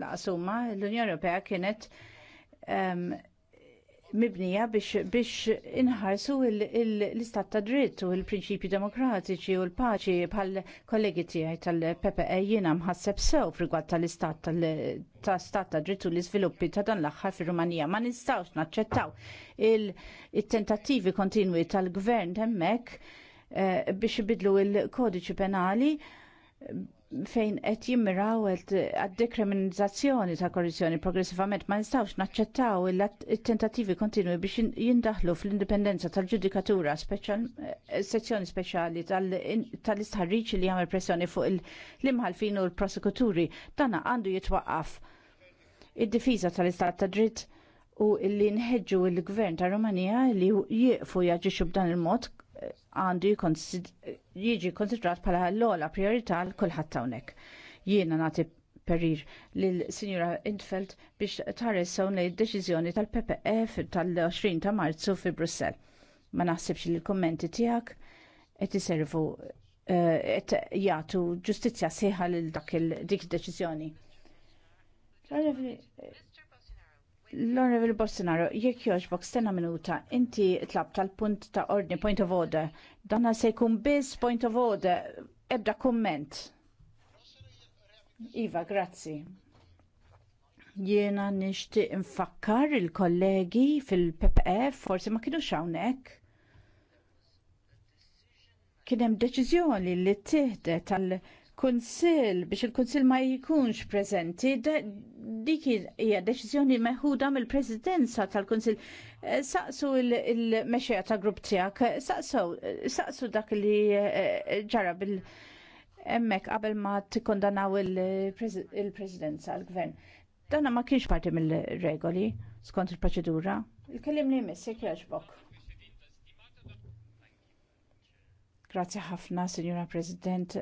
laqasumma l-Unjoni Ewropea kienet mibnija biex, biex inħarsu l-istat ta' dritt u l-prinċipji demokratiċi u l-paċi bħal kollegi tiegħi tal-PPE jiena mħasseb sew frigwad tal-istat tal Stat ta' dritt u l-iżviluppi ta' dan l-aħħar fir-Rumanija. Ma nistgħux naċċettaw il-tentattivi kontinwi tal-gvern hemmhekk eh, biex ibidlu l kodiċi penali fejn qed jimmiraw għad-dekriminalizzazzjoni ta' korruzzjoni progressivament ma nistawx naċċettaw il-tentativi kontinwi biex jindaħlu fl-indipendenza tal-ġudikatura eh, sezzjoni speċjali tal istħarriċi li jagħmel pressjoni fuq l-imħalfin u l-prosekuturi dana għandu jitwaqqaf id-difiża tal-istat ta' dritt u li nħeġġu l-gvern ta' Rumanija li jieqfu jaġixxu b'dan il-mod għandu jiġi konsidrat bħala l-ola priorità l kulħadd hawnhekk. Jiena nagħti perir l sinjura Intfeld biex tares sewna id-deċiżjoni tal-PPF e tal-20 ta' Marzu fi Brussell. Ma naħsibx li l-kommenti tiegħek qed iservu eh, qed jagħtu ġustizzja sieħa lil dak dik id-deċiżjoni. L-Honorable Bolsonaro, jekk joġbok stena minuta, inti tlab tal-punt ta' ordni, point of order, danna se jkun biss point of order, ebda komment. Iva, grazzi. Jiena nixtieq infakkar il-kollegi fil-PPF, e, forsi ma kienu hawnhekk. Kien hemm deċiżjoni li ttieħdet tal- kunsil biex il-kunsil ma jkunx prezenti dik hija deċiżjoni meħuda mill-presidenza tal-kunsil eh, saqsu il mexija ta' grupp tiegħek eh, eh, saqsu dak li ġara bil hemmhekk qabel ma tikkondanaw il-presidenza l-gvern. Danna ma kienx parti mill-regoli skont il-proċedura. Il-kellim li jmiss jekk jogħġbok. Grazie ħafna, Signora President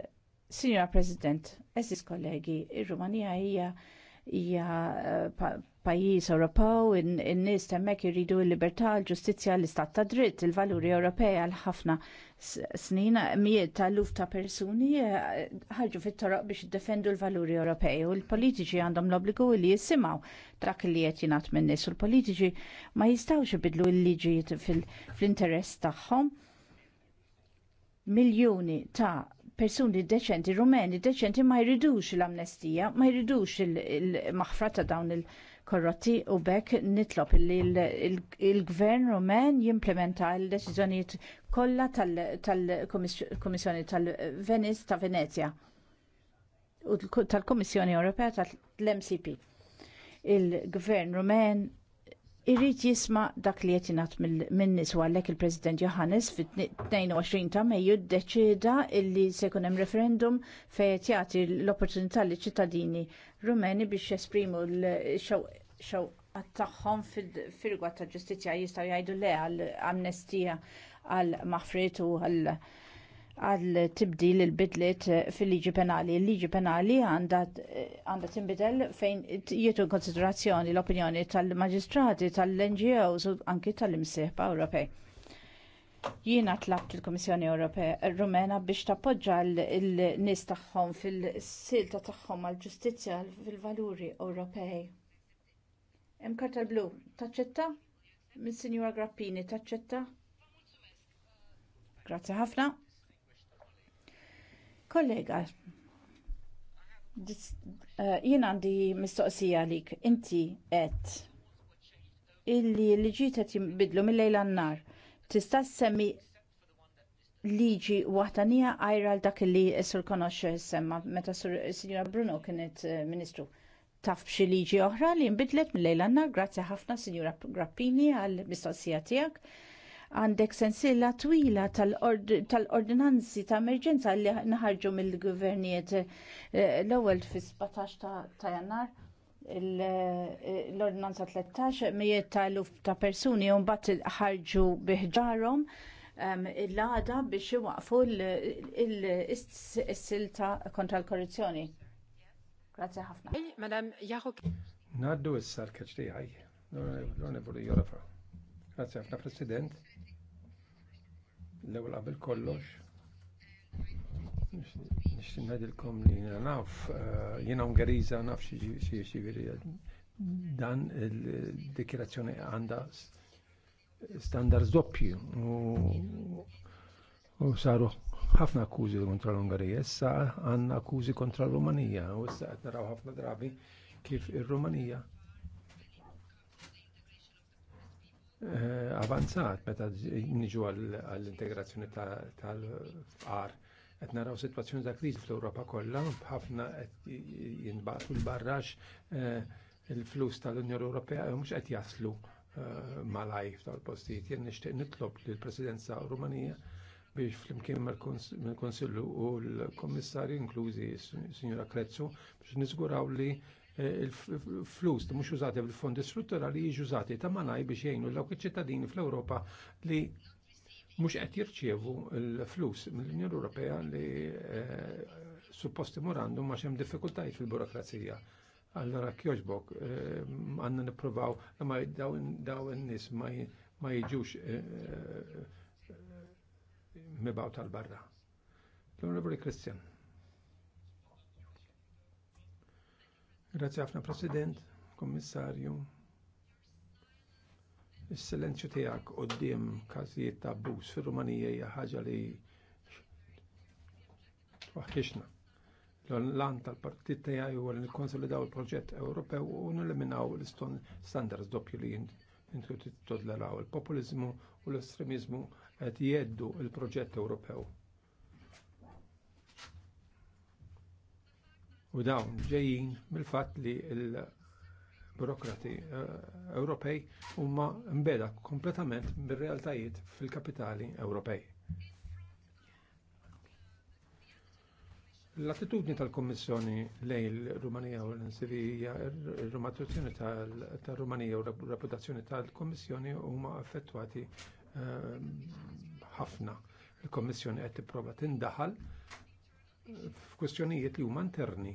Signora President, eżis kollegi, ir-Rumanija hija hija eh, pajjiż Ewropew, in-nies hemmhekk iridu l-libertà, l-ġustizzja, l-istat ta' dritt, il-valuri Ewropej għal ħafna snin, mijiet ta' luf ta' persuni eh, ħarġu fit-toroq biex defendu l-valuri Ewropej u l-politiċi għandhom l-obbligu li jissimgħu dak li qed jingħat min-nies u l-politiċi ma jistgħux ibidlu l-liġijiet fl-interess tagħhom miljuni ta' persuni deċenti, rumeni deċenti ma jridux l-amnestija, ma jridux il-maħfra ta' dawn il-korrotti u bekk nitlob li il-gvern rumen jimplementa l-deċiżjonijiet kollha tal-Komissjoni tal-Venice ta' Venezia u tal-Komissjoni Ewropea tal-MCP. Il-gvern rumen irrid jisma dak li qed jingħat min-nies u għalhekk il-President Johannes fit-22 ta' Mejju ddeċieda li se jkun hemm referendum fejn qed jagħti l-opportunità li ċittadini Rumeni biex jesprimu l-xewqat tagħhom fil-rigward ta' ġustizzja jistgħu jgħidu le għall amnestija għal maħfrit u għal għal tibdi l bidliet eh, fil-liġi penali. Il-liġi penali għandha eh, timbidel fejn jietu konsiderazzjoni l-opinjoni tal-magistrati, tal-NGOs u anki tal-imsieħba Ewropej. Jiena tlabt il-Komissjoni Ewropea eh, Rumena biex tappoġġa l-nies tagħhom fil-silta tagħhom għall ġustizzja fil-valuri Ewropej. Hemm karta blu, taċċetta? Mis-Sinjura Grappini, taċċetta? Grazzi ħafna. Kollega, eh, jien għandi mistoqsija għalik, inti qed illi liġi qed jinbidlu mill-lejla n-nar. Tista' semmi liġi waħtanija għajra għal dak li sur konox semma meta sur Signora Bruno kienet eh, Ministru. Taf b'xi liġi oħra li nbidlet mill-lejla n-nar, grazzi ħafna Signora Grappini għall mistoqsija tiegħek għandek sensilla twila tal-ordinanzi ta' emerġenza li naħarġu mill-gvernijiet eh, l-ewwel fis-17 ta' jannar eh, l-ordinanza 13 mijiet ta' luf ta' persuni un bat ħarġu biħġarhom l-għada biex iwaqfu l-silta kontra l-korruzzjoni. Grazie ħafna. Madam Jahuk. Naddu s-sar kaċ għaj. Grazie ħafna President L-ewwel qabel kollox nixtin ngħidilkom li jiena naf, eh, jiena Ungeriża naf xi ġifieri dan il-dikirazzjoni għandha standards doppju u saru ħafna akkużi kontra l-Ungarija, issa għanna akkużi kontra l-Rumanija, u issa qed naraw ħafna drabi kif ir-Rumanija Eh, avanzat meta niġu għall-integrazzjoni tal-fqar. Qed naraw sitwazzjoni ta' kriżi fl-Ewropa kollha, ħafna qed jinbaqtu l-barrax eh, il-flus tal-Unjoni Ewropea mhux qed jaslu eh, malajr tal-postijiet. Jien nixtieq nitlob lill presidenza Rumanija biex flimkien mill-Konsillu u l-Kommissarju inklużi Sinjura Krezzu biex niżguraw li il-flus mhux użati fil-fondi strutturali jiġu użati ta' malaj biex jgħinu l-dawk iċ-ċittadini fl-Ewropa li mhux qed jirċievu l-flus mill-Unjoni Ewropea li eh, supposti morandu ma xem diffikultajiet fil-burokrazija. Allora kjoġbok, eh, għanna niprovaw, ma daw in nis ma jiġux eh, mibaw tal-barra. L-Onorevoli Kristjan. Grazie ħafna President, Kommissarju. Is-silenzju tiegħek quddiem każijiet ta' abbuż fir-Rumanija hija ħaġa li twaħħixna. L-lan tal-partit tiegħi huwa li nikkonsolidaw il-proġett Ewropew u neliminaw l-iston standards doppju li intu tittolleraw il-populiżmu u l-estremizmu qed jeddu l proġett Ewropew. U dawn ġejjin mill-fatt li l-burokrati eh, Ewropej huma mbeda kompletament bir-realtajiet fil-kapitali Ewropej. L-attitudni tal-Kommissjoni lejn il-Rumanija u l-Nsivija, il-Rumatuzzjoni tal-Rumanija u reputazzjoni tal-Kommissjoni huma affettwati eh, ħafna. Il-Kommissjoni qed tipprova tindaħal f'kwestjonijiet li huma interni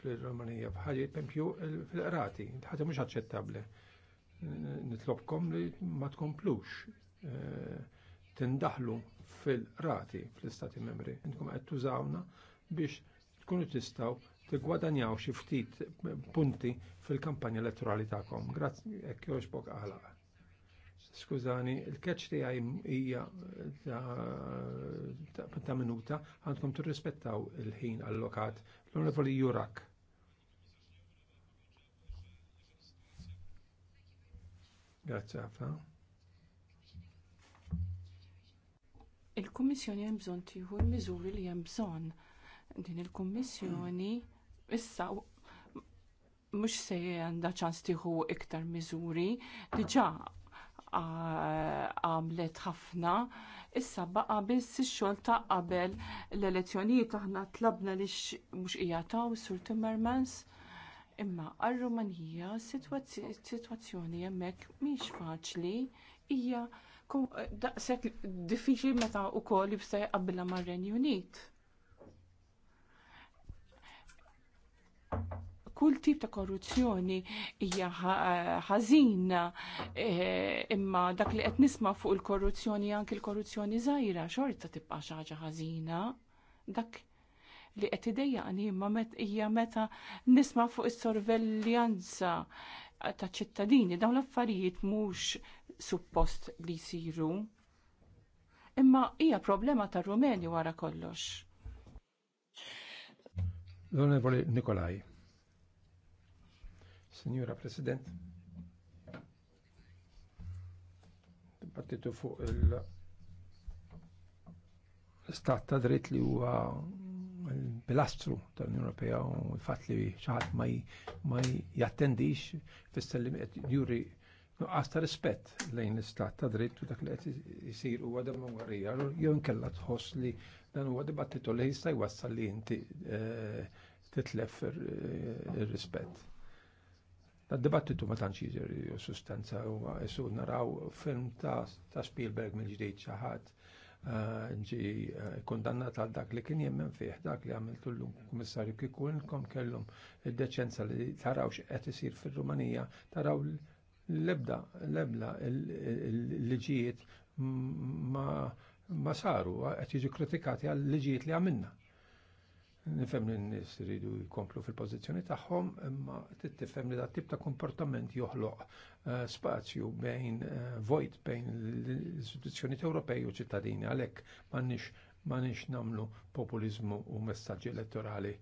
fil-Romanija bħalli tempju fil-qrati, ħaġa mhux aċċettabbli. Nitlobkom li ma tkomplux eh, tindaħlu fil-rati fl-istati membri. Intkom qed tużawna biex tkunu tistgħu tigwadanjaw xi ftit punti fil-kampanja elettorali tagħkom. Grazzi, hekk jogħġbok aħlaq. Skużani, il-catch li għaj hija ta' minuta, għandkom turrispettaw il-ħin allokat. L-onorevoli Jurak. Grazie ħafna. Il-Kummissjoni hemm bżonn tieħu l-miżuri li hemm bżonn. Din il-Kummissjoni issa mhux se għandha ċans tieħu iktar miżuri, diġà għamlet ħafna, issa baqa biss ix-xogħol ta' qabel l-elezzjonijiet aħna tlabna li mhux ta' sur Timmermans. Imma għar-Rumanija sitwazzjoni hemmhekk mhix faċli hija daqshekk diffiċli meta wkoll jibsta' jqabbilha mar-Renju Unit kull tip ta' korruzzjoni hija ħażina e, imma dak li qed nisma' fuq il-korruzzjoni anke l-korruzzjoni żgħira xorta tibqa' xi ħaġa ħażina. Dak li qed idejjaqni imma hija meta nisma' fuq is-sorveljanza ta' ċittadini dawn l-affarijiet mhux suppost li jsiru. Imma hija problema tar-Rumeni wara kollox. l Nikolaj. Signora President, partitu fuq il stat ta' dritt li huwa l-pilastru tal-Unjoni Ewropea u l-fatt li xaħat ma jattendix fis-sellim qed juri nuqqas ta' rispett lejn l-istat ta' dritt u dak li qed isir huwa demokrazija. Jew inkella tħoss li dan huwa dibattitu li jista' jwassal li inti eh, titlef eh, ir-rispett. Dibattitu ma tantx jiġri sustanza u issu naraw film ta' Spielberg mill-ġdejt ħadd eh, ġi eh, kondannat għal dak li kien jemmen fih, dak li għamiltu l-lum kummissarju kiku kellum id-deċenza li taraw x'qed isir fil-Rumanija, taraw l-ebda, l-ebda l-liġijiet ma saru, qed jiġu kritikati għal liġijiet li għamilna. Nifhem li n nis iridu jkomplu fil-pożizzjoni tagħhom, imma tittifhem li dat-tip ta' komportament joħloq eh, spazju bejn eh, vojt bejn l-istituzzjoni Ewropej u ċittadini għalhekk m'għandniex m'għandniex nagħmlu populiżmu u messaġġi elettorali.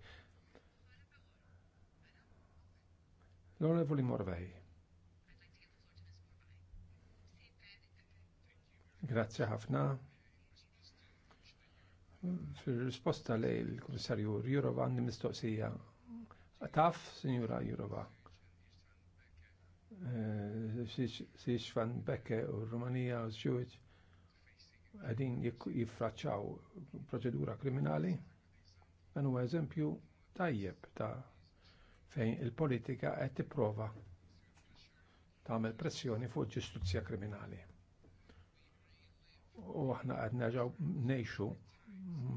L-Onorevoli Morvej. Grazzi ħafna. Fil-risposta li il-Komissarju Jurova għandi mistoqsija. Taf, signora Jurova, eh, Siex van Bekke u Rumanija u Zxuġ għedin jiffraċċaw proċedura kriminali. Dan huwa eżempju tajjeb ta' fejn il-politika qed tipprova tagħmel pressjoni fuq ġustizzja kriminali. U aħna qed nerġgħu ngħixu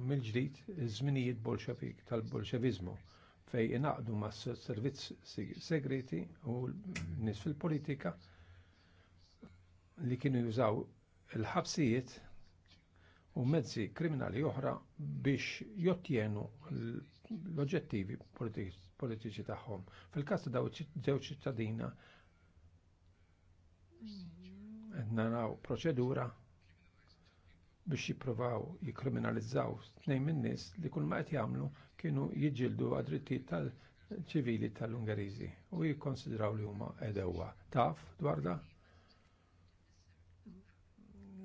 mill-ġdid iż-żminijiet bolxevik tal-bolxevizmu fej inaqdu mas servizz segreti u nis fil-politika li kienu jużaw il-ħabsijiet u mezzi kriminali oħra biex jottienu l-oġettivi politiċi tagħhom. Fil-każ ta' daw żewġ ċittadina qed naraw proċedura biex jippruvaw jikkriminalizzaw tnejn min-nies li kull ma qed jagħmlu kienu jiġġieldu għad-drittijiet tal-ċivili tal-Ungeriżi u jikkonsidraw li huma edewa. Taf dwar da?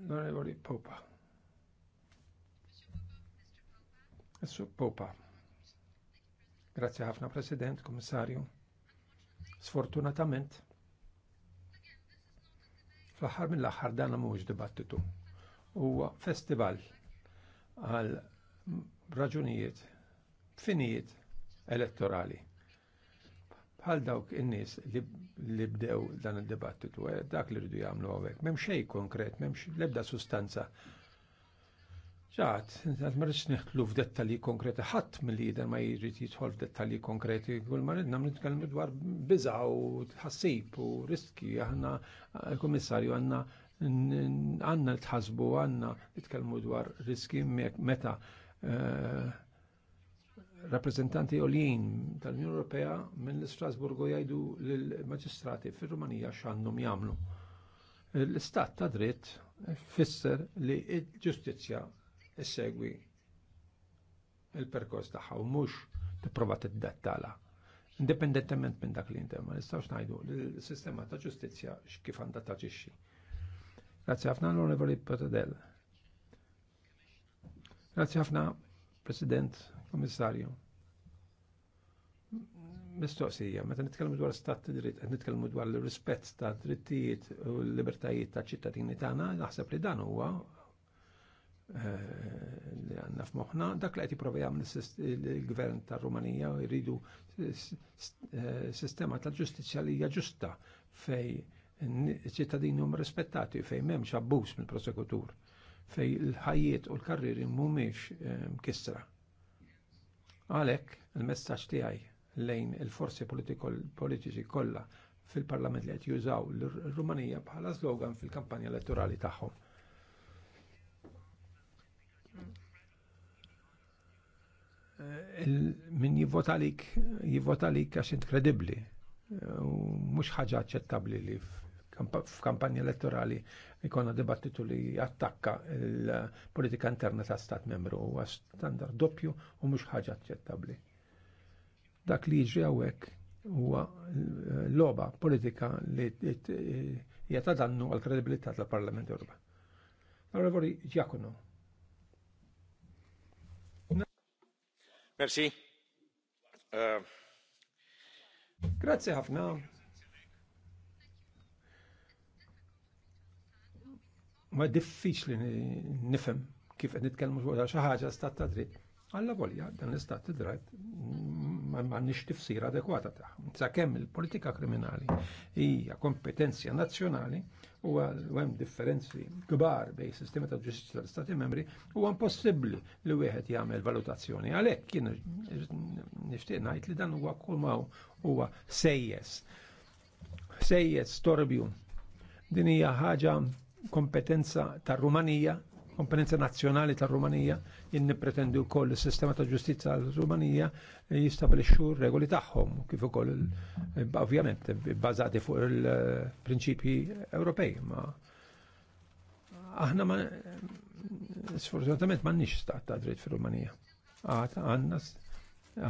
L-Onorevoli Popa. Issu Popa. Grazie ħafna President, Kommissarju. Sfortunatament, fl-aħħar mill ħar dan mhuwiex dibattitu huwa festival għal raġunijiet finijiet elettorali. Bħal dawk in-nies li bdew dan id-dibattitu, eh, dak li rridu jagħmlu hawnhekk. M'hemm xejn konkret, m'hemmx l-ebda sustanza. Ġat, għad marriċ neħtlu f'dettalji konkreti, ħadd mill-lider ma jrid jidħol f'dettalji konkreti, kull ma ridna nitkellmu dwar biża u tħassib u riski, aħna eh, l-Kummissarju għandna għanna tħasbu għanna nitkellmu dwar riski meta eh, rappresentanti oljien tal-Unjoni Ewropea minn l-Strasburgu jgħidu l-maġistrati fir-Rumanija x'għandhom jagħmlu. L-istat ta' dritt fisser li l-ġustizzja segwi il-perkors tagħha u mhux tipprova tiddett'ala Indipendentement minn dak li intemma, nistgħux ngħidu li l-sistema ta' ġustizzja x'kif għandha taġixxi. Grazie ħafna l-Onorevoli Patadell. Grazie ħafna, President, Komissarju. Mistoqsija, meta nitkellmu dwar stat dritt, qed nitkellmu dwar l-rispett ta' drittijiet u l-libertajiet ta' ċittadini tagħna, naħseb li dan huwa eh, li għanna f'moħħna, dak li qed jipprova jagħmel il-gvern tar-Rumanija jridu eh, sistema tal-ġustizzja li hija ġusta fej ċittadini hum rispettati fejn m'hemmx abbuż mill-prosekutur fej il-ħajiet u l-karriri mhumiex ehm, kisra. Għalhekk il-messaġġ tiegħi lejn il-forzi politiċi kollha fil-parlament li qed jużaw l-Rumanija bħala slogan fil-kampanja elettorali tagħhom. Eh, min jivvota jivvotalik għax kredibli eh, u mhux ħaġa aċċettabbli li f'kampanja elettorali ikonna dibattitu li attakka il-politika interna ta' stat membru u standard doppju u mhux ħaġa aċċettabbli. Dak li jiġri hawnhekk huwa loba politika li hija ta' dannu għal kredibilità tal-Parlament Ewropew. Onorevoli Giacono. Merci. Euh, Grazie ħafna. ma diffiċli nifhem kif qed nitkellmu fuq xi ħaġa stat ta' dritt. Alla volja dan l-istat ta' dritt m'għandniex tifsira adekwata ta' kemm il-politika kriminali hija kompetenzja nazzjonali u hemm differenzi kbar bejn sistema ta' ġustizja tal-Stati membri huwa impossibbli li wieħed jagħmel valutazzjoni. Għalhekk kien nixtieq ngħid li dan huwa kulmaw huwa sejjes. Sejjes torbju. Din hija ħaġa kompetenza tar-Rumanija, kompetenza nazzjonali tar-Rumanija, jien nippretendi wkoll is-sistema ta' ġustizza ta' rumanija jistabilixxu r-regoli tagħhom kif ukoll eh, ovvjament bbażati fuq il-prinċipji Ewropej. Ma aħna ma sfortunatament m'għandniex stat ta' dritt fir-Rumanija. Għandna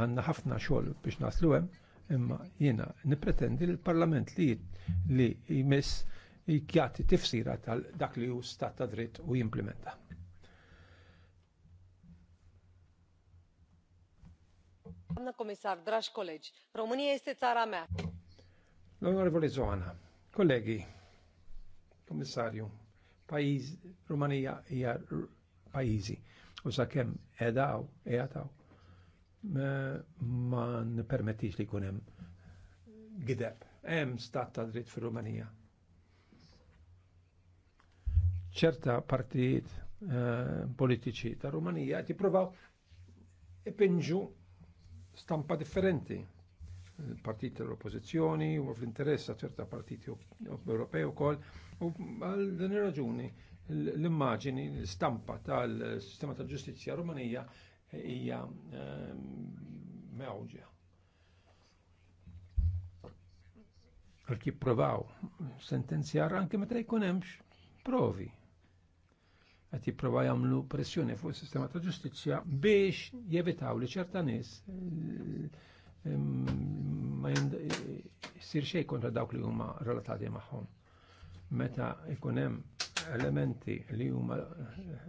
għanna ħafna xogħol biex naslu hemm, imma jiena nippretendi l-Parlament li li jmiss jgħati tifsira tal dak li hu stat ta' dritt u jimplementa. Għanna komissar, drax kolleġ, Romunija jesti tara me. L-onorevoli Zoana, kollegi, komissarju, pajiz, Romunija hija pajizi, u sakemm edaw, edaw, ma permettix li kunem gideb. Hemm stat ta' dritt fir-Rumanija ċerta partijiet eh, politiċi ta' Rumanija qed jippruvaw ipinġu stampa differenti. Il-partit tal-oppozizjoni u fl-interess ta' ċerta partiti Ewropej ukoll u għal din ir-raġuni l-immaġini, l-stampa tal-sistema tal-ġustizzja Rumanija hija eh, mewġa. Għal kif provaw sentenzjar anke meta jkun hemmx provi għati jipprova jagħmlu pressjoni fuq is-sistema ta' ġustizzja biex jevitaw li ċerta nis eh, eh, ma jsir xej kontra dawk li huma relatati magħhom. Meta ikunem hemm elementi li huma eh,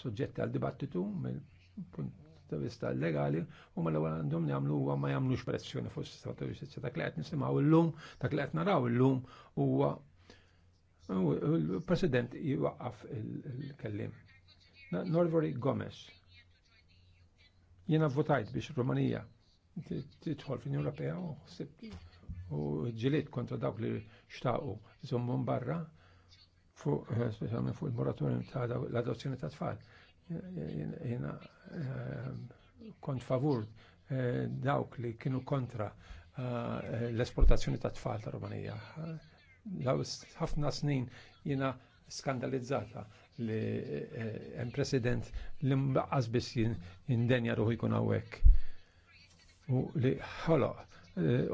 soġġetti għal dibattitu mill-punt ta' vista legali u ma l għal għandhom jagħmlu u ma jagħmlux pressjoni fuq il sistema ta' ġustizja ta' li qed nisimgħu llum, dak li qed naraw illum u il-President jiwaqqaf il-kellim. Norvori Gomez. Jena votajt biex Rumanija tidħol fin Ewropea u ġiliet kontra dawk li xtaqu zommon barra fuq specialment fuq il-moratorium ta' l-adozzjoni ta' tfal. Jena eh, kont favur eh, dawk li kienu kontra eh, l-esportazzjoni ta' tfal ta' Rumanija ħafna snin jiena skandalizzata li eh, eh, hemm president li mbaqqas biss jindenja ruħu jkun hawnhekk. U li ħoloq eh,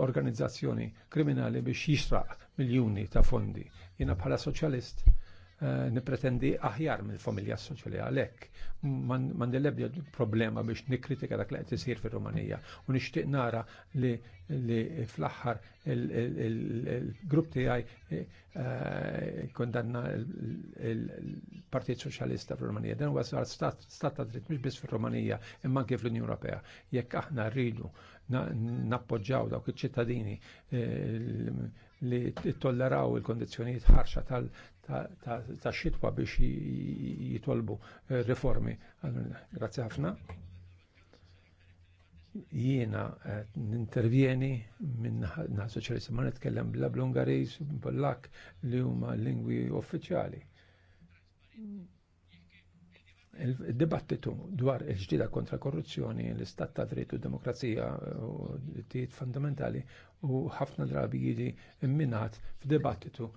organizzazzjoni kriminali biex jisraq miljuni ta' fondi. Jiena bħala soċjalist Eh, nipretendi aħjar mill-familja soċjali għalhekk. Man lebda problema biex nikkritika dak li qed isir fir-Rumanija u nixtieq nara li fl-aħħar il-grupp tiegħi eh, kondanna il-Partit Soċjalista fir-Rumanija. Dan huwa stat ta' dritt mhux biss fir-Rumanija imma anke fl-Unjoni Ewropea. Jekk aħna rridu nappoġġaw dawk iċ-ċittadini eh, li tolleraw il kondizjoniet ħarxa ta' xitwa biex jitolbu eh, riformi. Grazzi ħafna. Jiena eh, nintervjeni minn naħa soċjalista ma nitkellem bla bl-Ungarijs, bl-Lak li huma lingwi uffiċjali. Il-dibattitu dwar il-ġdida kontra korruzzjoni, l-istat ta' dritt u demokrazija eh, u d fundamentali u ħafna drabi jiġi imminat f'dibattitu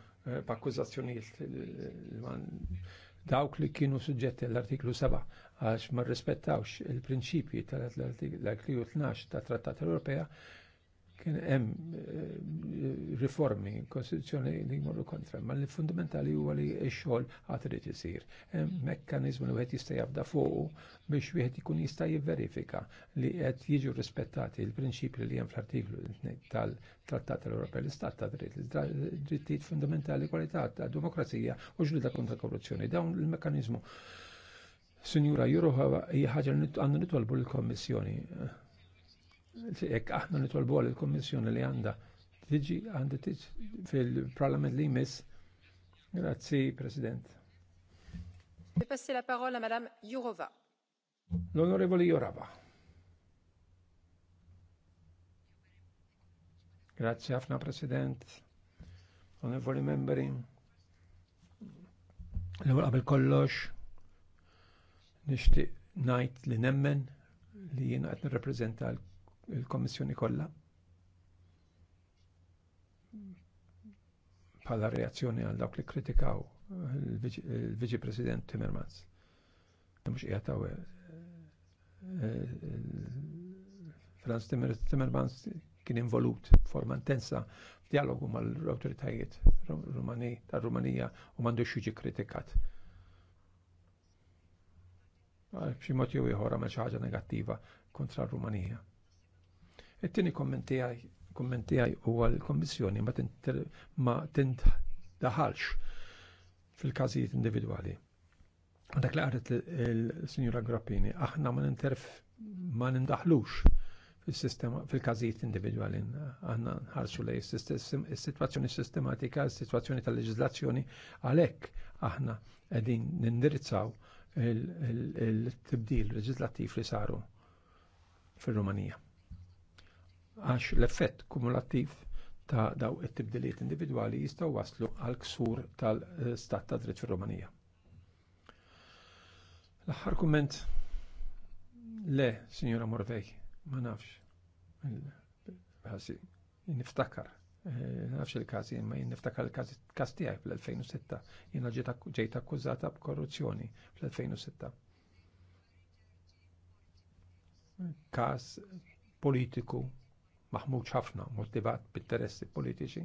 b'akkużazzjonijiet eh, dawk li kienu suġġetti l-artiklu 7 għax ma rrispettawx il-prinċipji tal-artiklu 12 tat Trattat Ewropea kien hemm eh, riformi kostituzzjoni li jmorru kontra, ma li fundamentali huwa li x-xogħol għad irid isir. Hemm mekkaniżmu li wieħed jista' jabda fuqu biex wieħed ikun jista' jivverifika li qed jiġu rispettati l-prinċipji li hemm fl-artiklu tal-Trattat tal-Ewropej l-Istat ta' dritt, drittijiet fundamentali kwalità ta' demokrazija u ġlida kontra korruzzjoni. Dawn il-mekkaniżmu Sinjura Juroħa hija għandu nitwalbu nitolbu l-Kommissjoni jekk aħna nitolbu għal il-Kommissjoni li għandha tiġi għandha tiġi fil-Parlament li jmiss. Grazzi, President. Passi la parola Madame Jourova. L'onorevole Jurova. Grazie ħafna President, onorevoli membri, l-għol qabel kollox, Nishti najt li nemmen li jina għat reprezenta il-Kommissjoni kollha. Pala reazzjoni għal dawk li kritikaw il-Viċi President Timmermans. Mhux qiegħed eh, eh, Franz Timmermans kien involut forma intensa f'dialogu mal-awtoritajiet tar-Rumanija u m'għandux jiġi kritikat b'xi mod jew ieħor għamel xi ħaġa negattiva kontra r-Rumanija. It-tieni kommenti għaj, kommenti għaj u għal-Kommissjoni ma tintaħalx fil-każijiet individwali. Dak li għaret il-Sinjura Grappini, aħna ma ninterf ma nindaħlux fil-sistema fil-każijiet individwali. Aħna nħarsu lej is-sitwazzjoni sistematika, is-sitwazzjoni tal-leġiżlazzjoni għalhekk aħna qegħdin nindirizzaw il-tibdil leġislattiv li saru fil-Rumanija għax l-effett kumulattiv ta' daw it-tibdiliet individwali jistgħu waslu għal ksur tal-stat ta' dritt fir-Rumanija. L-aħħar kumment le, Sinjora Morvej, ma nafx. Ħassi, niftakar. Eh, nafx il-kazi, ma niftakar il-kaz tiegħi fl-2006. Jiena ġejt akkużata b'korruzzjoni fl-2006. Każ politiku maħmuġ ħafna, motivat bil-teressi politiċi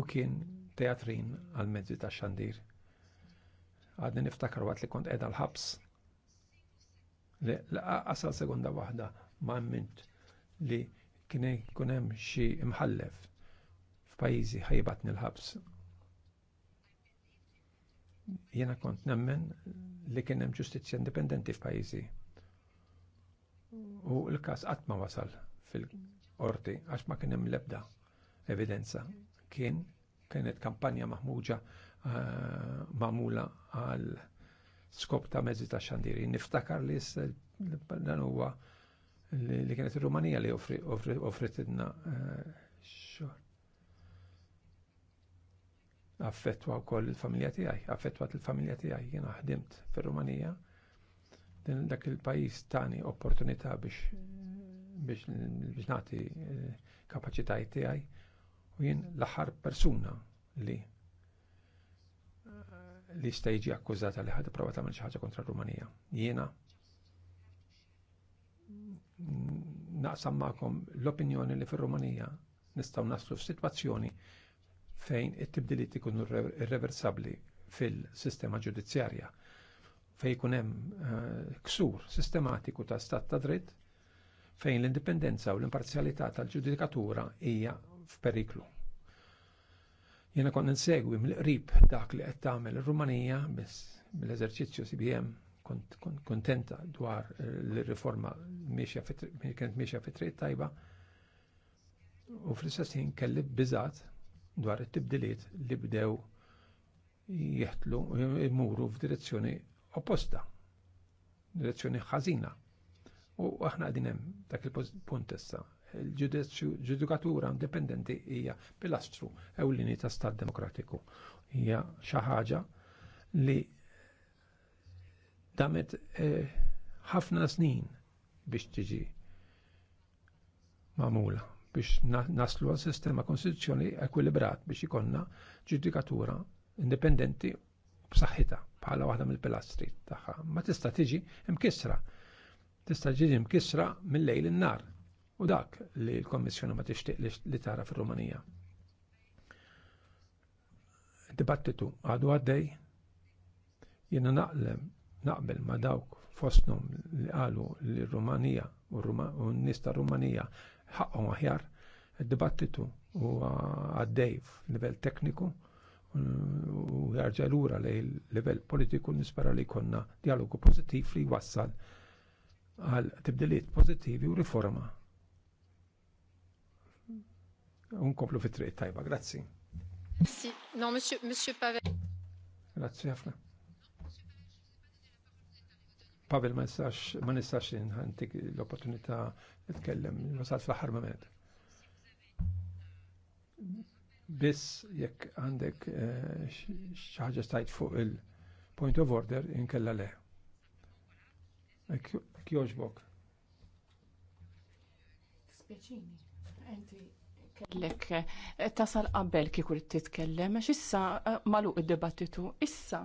u kien teatrin għal mezzi ta' xandir. Għadni niftakar għat li kont edha l-ħabs li għasal segunda wahda ma' mint li kienem kunem xi imħallef f'pajizi ħajbatni l-ħabs. Jena kont nemmen li kienem ġustizja indipendenti f'pajizi u l-kas qatt ma wasal fil-qorti għax ma kien hemm l-ebda evidenza. Kien kienet kampanja maħmuġa eh, mamula għal skop ta' mezzi ta' xandiri. Niftakar li dan huwa li kienet ir-Rumanija li offrit idna eh, xor. Affettwa wkoll il-familja tiegħi, affettwat il-familja tiegħi, jiena ħdimt fir-Rumanija dak il-pajis tani opportunità biex biex, biex nati eh, kapacitajt tiegħi u jien l-aħħar persuna li li sta jiġi akkużata li ħadu prova tagħmel xi ħaġa kontra Rumanija. Jiena naqsam magħkom l-opinjoni li fir-Rumanija nistgħu naslu f'sitwazzjoni fejn it-tibdiliet ikunu irreversabbli fil-sistema ġudizzjarja fej kunem eh, ksur sistematiku ta' stat ta' dritt fejn l-indipendenza u l-imparzjalità tal-ġudikatura hija f'periklu. Jena kont insegwi mill-qrib dak li qed tagħmel ir-Rumanija biss mill-eżerċizzju CBM kont kontenta dwar eh, l-riforma kienet miexja fi triq tajba u fl-istess ħin kelli biżgħat dwar it-tibdiliet li bdew jeħtlu imuru f'direzzjoni opposta, direzzjoni ħażina. U aħna qegħdin hemm dak il-punt issa. Il-ġudikatura indipendenti hija pilastru ewlieni ta' stat demokratiku. Hija xi ħaġa li damet eh, ħafna snin biex tiġi mamula biex naslu għal sistema konstituzzjoni ekwilibrat biex ikonna ġudikatura indipendenti b'saħħitha bħala waħda mill-pilastri tagħha. Ma tista' tiġi mkissra. Tista' tiġi mkissra mill-lejl in-nar. U dak li l-Kommissjoni ma tixtieq li tara fir-Rumanija. Dibattitu għadu għaddej jiena naqlem naqbel ma dawk fosthom li qalu li Rumanija u n-nies ta' Rumanija ħaqhom aħjar, id-dibattitu u għaddej f'livell tekniku u jarġa l-ura li l level politiku nispera li konna dialogu pożittiv li wassal għal tibdiliet pożittivi u riforma. Un komplu fitri tajba, grazzi. Merci. Non, monsieur, monsieur Pavel. Grazzi għafna. Pavel ma nistax ma nistax inħantik l-opportunità nitkellem, wasal fl-aħħar biss jekk għandek eh, xaħġa stajt fuq il-point of order inkella le. Kjoġbok. Spieċini, enti kellek eh, tasal qabel kieku titkellem, għax issa eh, id-dibattitu, issa